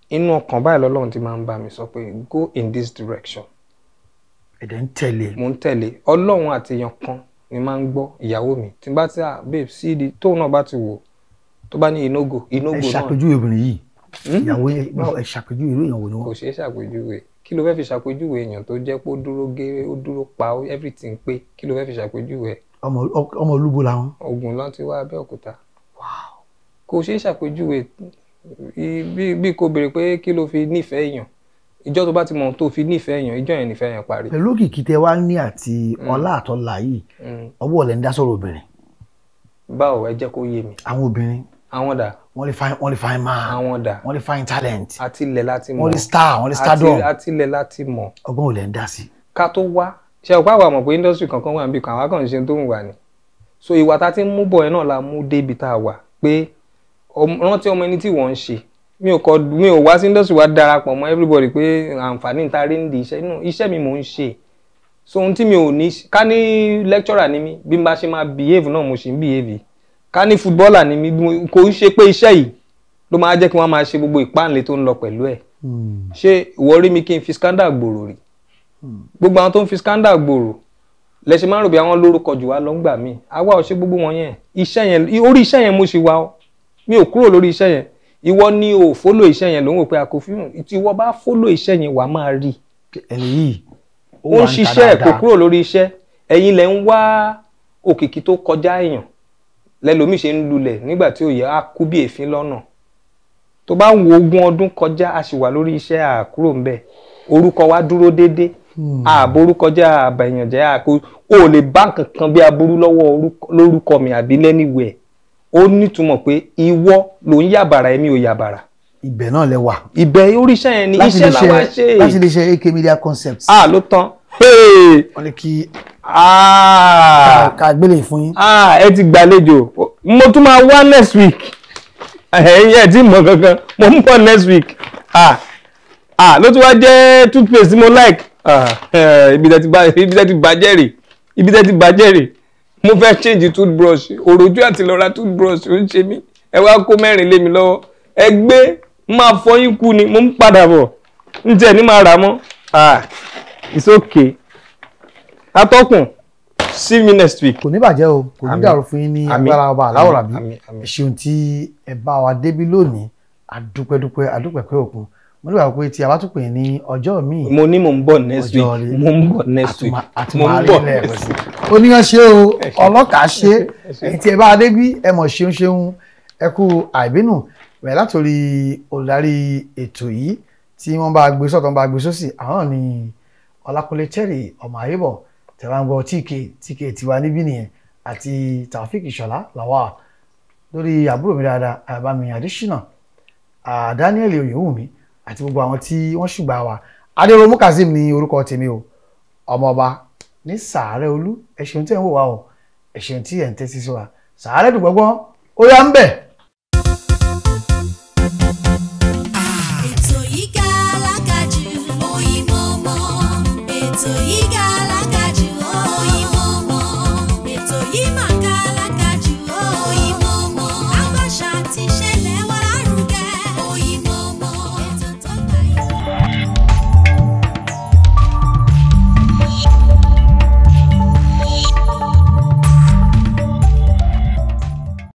S2: inú ọkàn báyìí lọ́lọ́run ti máa ń bá mi sọ pé go in this direction. ẹ̀dẹ̀ ń tẹ̀lé. mo ń tẹ̀lé ọlọ́run àti èèyàn kan ni máa ń gbọ́ ìyàwó mi tí bá ti à babe sí di tóun náà bá ti wò tó bá ní inogo inogo náà. ẹ ṣàpèjúwe obìnrin yìí hmm?
S1: ìyàwó ẹ ṣàpèjúwe irú ìyàwó ni wọn. kò
S2: ṣeé ṣàpèjúwe kí ló fẹ́ fi ṣàpèjúwe èèyàn tó jẹ́ pé ó dúró gé ó dúró pa everything pé kí ló fẹ́ fi ṣàpèjúwe ẹ̀
S1: ọmọ olúbo làwọn. Ògùn
S2: ló ti wá Abẹ́òkúta. kò ṣeé ṣàpèjúwe bí kò béèrè pé kí ló fi nífẹ̀ẹ́ èèyàn ìjọ tó bá ti mọ̀ tó fi nífẹ̀ẹ́ èèyàn ìjọ yẹn nífẹ̀ẹ́ yẹn parí. pẹ̀lú
S1: òkìkí tẹ wá ní àti mm. ọlá àtọ́lá yìí mm. ọwọ́ ọ̀lẹ́ ń dá sọ̀rọ̀ obìnrin.
S2: báwo ẹ jẹ́ kó yé mi. àwọn obìnrin. àwọn dà wọ́n lè find wọ́n lè find man. àwọn dà wọ́n lè find talent. àti ilẹ̀ láti mọ̀ wọ́n lè star wọ́n lè stardom. àti ilẹ̀ láti mọ̀.
S1: ọgbọ́n ò lẹ́ ń dá sí.
S2: ká tó wá ṣe ọ̀pá àwa mọ̀ pé industry kankan wà níbi kan àwa kàn ń ṣe tó ń wà ni so ìwà tá ti ń mú bọ̀ ẹ náà la mú débi tá a wà pé rántí ọmọ ẹni tí wọ́n ń ṣe mi ò kọ mi ò wá sí industry wa darapọ̀ mọ́ everybody pé àǹfààní ń ta rí ń di iṣẹ́ inú iṣẹ́ mi mò ń ṣe so ohun tí mi ò ní ká ní lecturer ni mi bí n bá ṣe máa behave náà mo ṣe ń behave ká ní footballer ni mi kò ń ṣe pé iṣẹ́ yìí ló máa jẹ́ kí wọ́n máa ṣe gbogbo ìpáǹle tó ń lọ pẹ̀lú ẹ̀ hmm. ṣé ìwọ rí mi kí n fi scandal gbòòrò rí gbogbo àwọn tó ń fi scandal gbòòrò lẹ́sìn máa ń rò bí àwọn lórúkọ jù wá lọ ń gbà mí àwa ò ṣe gbogbo wọn yẹn iṣẹ́ yẹn orí iṣẹ́ yẹn mo ṣì wà ó mi ò kúrò lórí iṣẹ́ yẹn ìwọ ni o fólò iṣẹ́ yẹn ló ń wò pé a kò fi hàn tí ìwọ bá fólò iṣẹ́ yẹn wàá máa rí i ó ń ṣiṣẹ́ kò kúrò lórí iṣẹ́ ẹ̀yin lẹ ń wá òkìkí tó kọjá èèyàn lẹ́lòmíì ṣe ń lulẹ̀ nígbà tí òye á kú bí èéfín lọ́nà tó bá ń wo ogún ọdún kọjá a sì wà lórí iṣẹ́ àkúrò ńbẹ orúkọ wa dúró déédéé Hmm. àborúkọjá àbàyànjẹ́ àkó o lè bá kankan bí aburú lọ́wọ́ lórúkọ mi àbí lẹ́nìwẹ̀ẹ́ ó nítumọ̀ pé ìwọ ló ń yàbàrà èmi ò yàbàrà.
S1: ibẹ̀ náà lẹ wà.
S2: ibẹ̀ oríṣẹ́ yẹn ni iṣẹ́ làwọn ṣe. láti
S1: lè ṣe AK Media Concepts. a ló
S2: tán. wọ́n ní kí ká gbélé fún yín. ẹ ti gbàlejò mo tún máa wá next week ẹ̀yin ẹ̀ tí mọ̀ kankan mo ń bọ̀ next week ló tún wá jẹ́ toothpaste mo like Ah, eh, ibi tẹ́ ti bàjẹ́ rè ibi tẹ́ ti bàjẹ́ rè mo fẹ́ change toothbrush òròjú ati lọ́ra toothbrush ó ń ṣe mí ẹ wá kó mẹ́rin lé mi lọ́wọ́ ẹ gbé máa fọyín kú ni mo ń padà bọ̀ ń tẹ̀ ní máa rà mọ́ ah it's okay atọ́kùn see me next week. kò ní bàjẹ́ o kò ní dàrú fún yín ní agbára ọba aláwọ̀ ràbí
S1: ṣeun tí ẹ bá wa débi lónìí adúpẹ́dúpẹ́ adúpẹ́pẹ́ òkun mo ní ìgbàgbọ́ pé tí a bá tún pè ní ọjọ́ míì. mo ní
S2: mò ń bọ̀ next week mo ń bọ̀ next week mo ń bọ̀ next
S1: week. oníyan ṣe o *laughs* ọlọ́kàá ṣe èyí tí ẹ bá dé bí ẹ mọ̀ ṣeun ṣeun ẹ kú àìbínú rẹ̀ látòrí olùdarí ètò yìí tí wọ́n bá gbé sọ́tọ̀ wọ́n bá gbé sósì àwọn ni Ọlákúnlé Terry ọmọ ayébọ̀ tẹ̀wáǹgbọ̀ TK TK tiwa níbí nìyẹn àti Taofik Ìṣọ̀lá làwà lórí àbúrò mi dáadáa àbámi Adésínà Daniel Oyèwùmí àti gbogbo àwọn tí wọ́n ṣùgbà wa adéròmú kazeem ni orúkọ tèmi o ọmọọba ní sàárẹ̀ olú ẹ ṣeun tí ẹ̀ ń wò wá o ẹ ṣeun tí ẹ̀ ń tẹ́tí sí wa sàárẹ̀ dùgbọ́gbọ́n ó yá ń bẹ̀.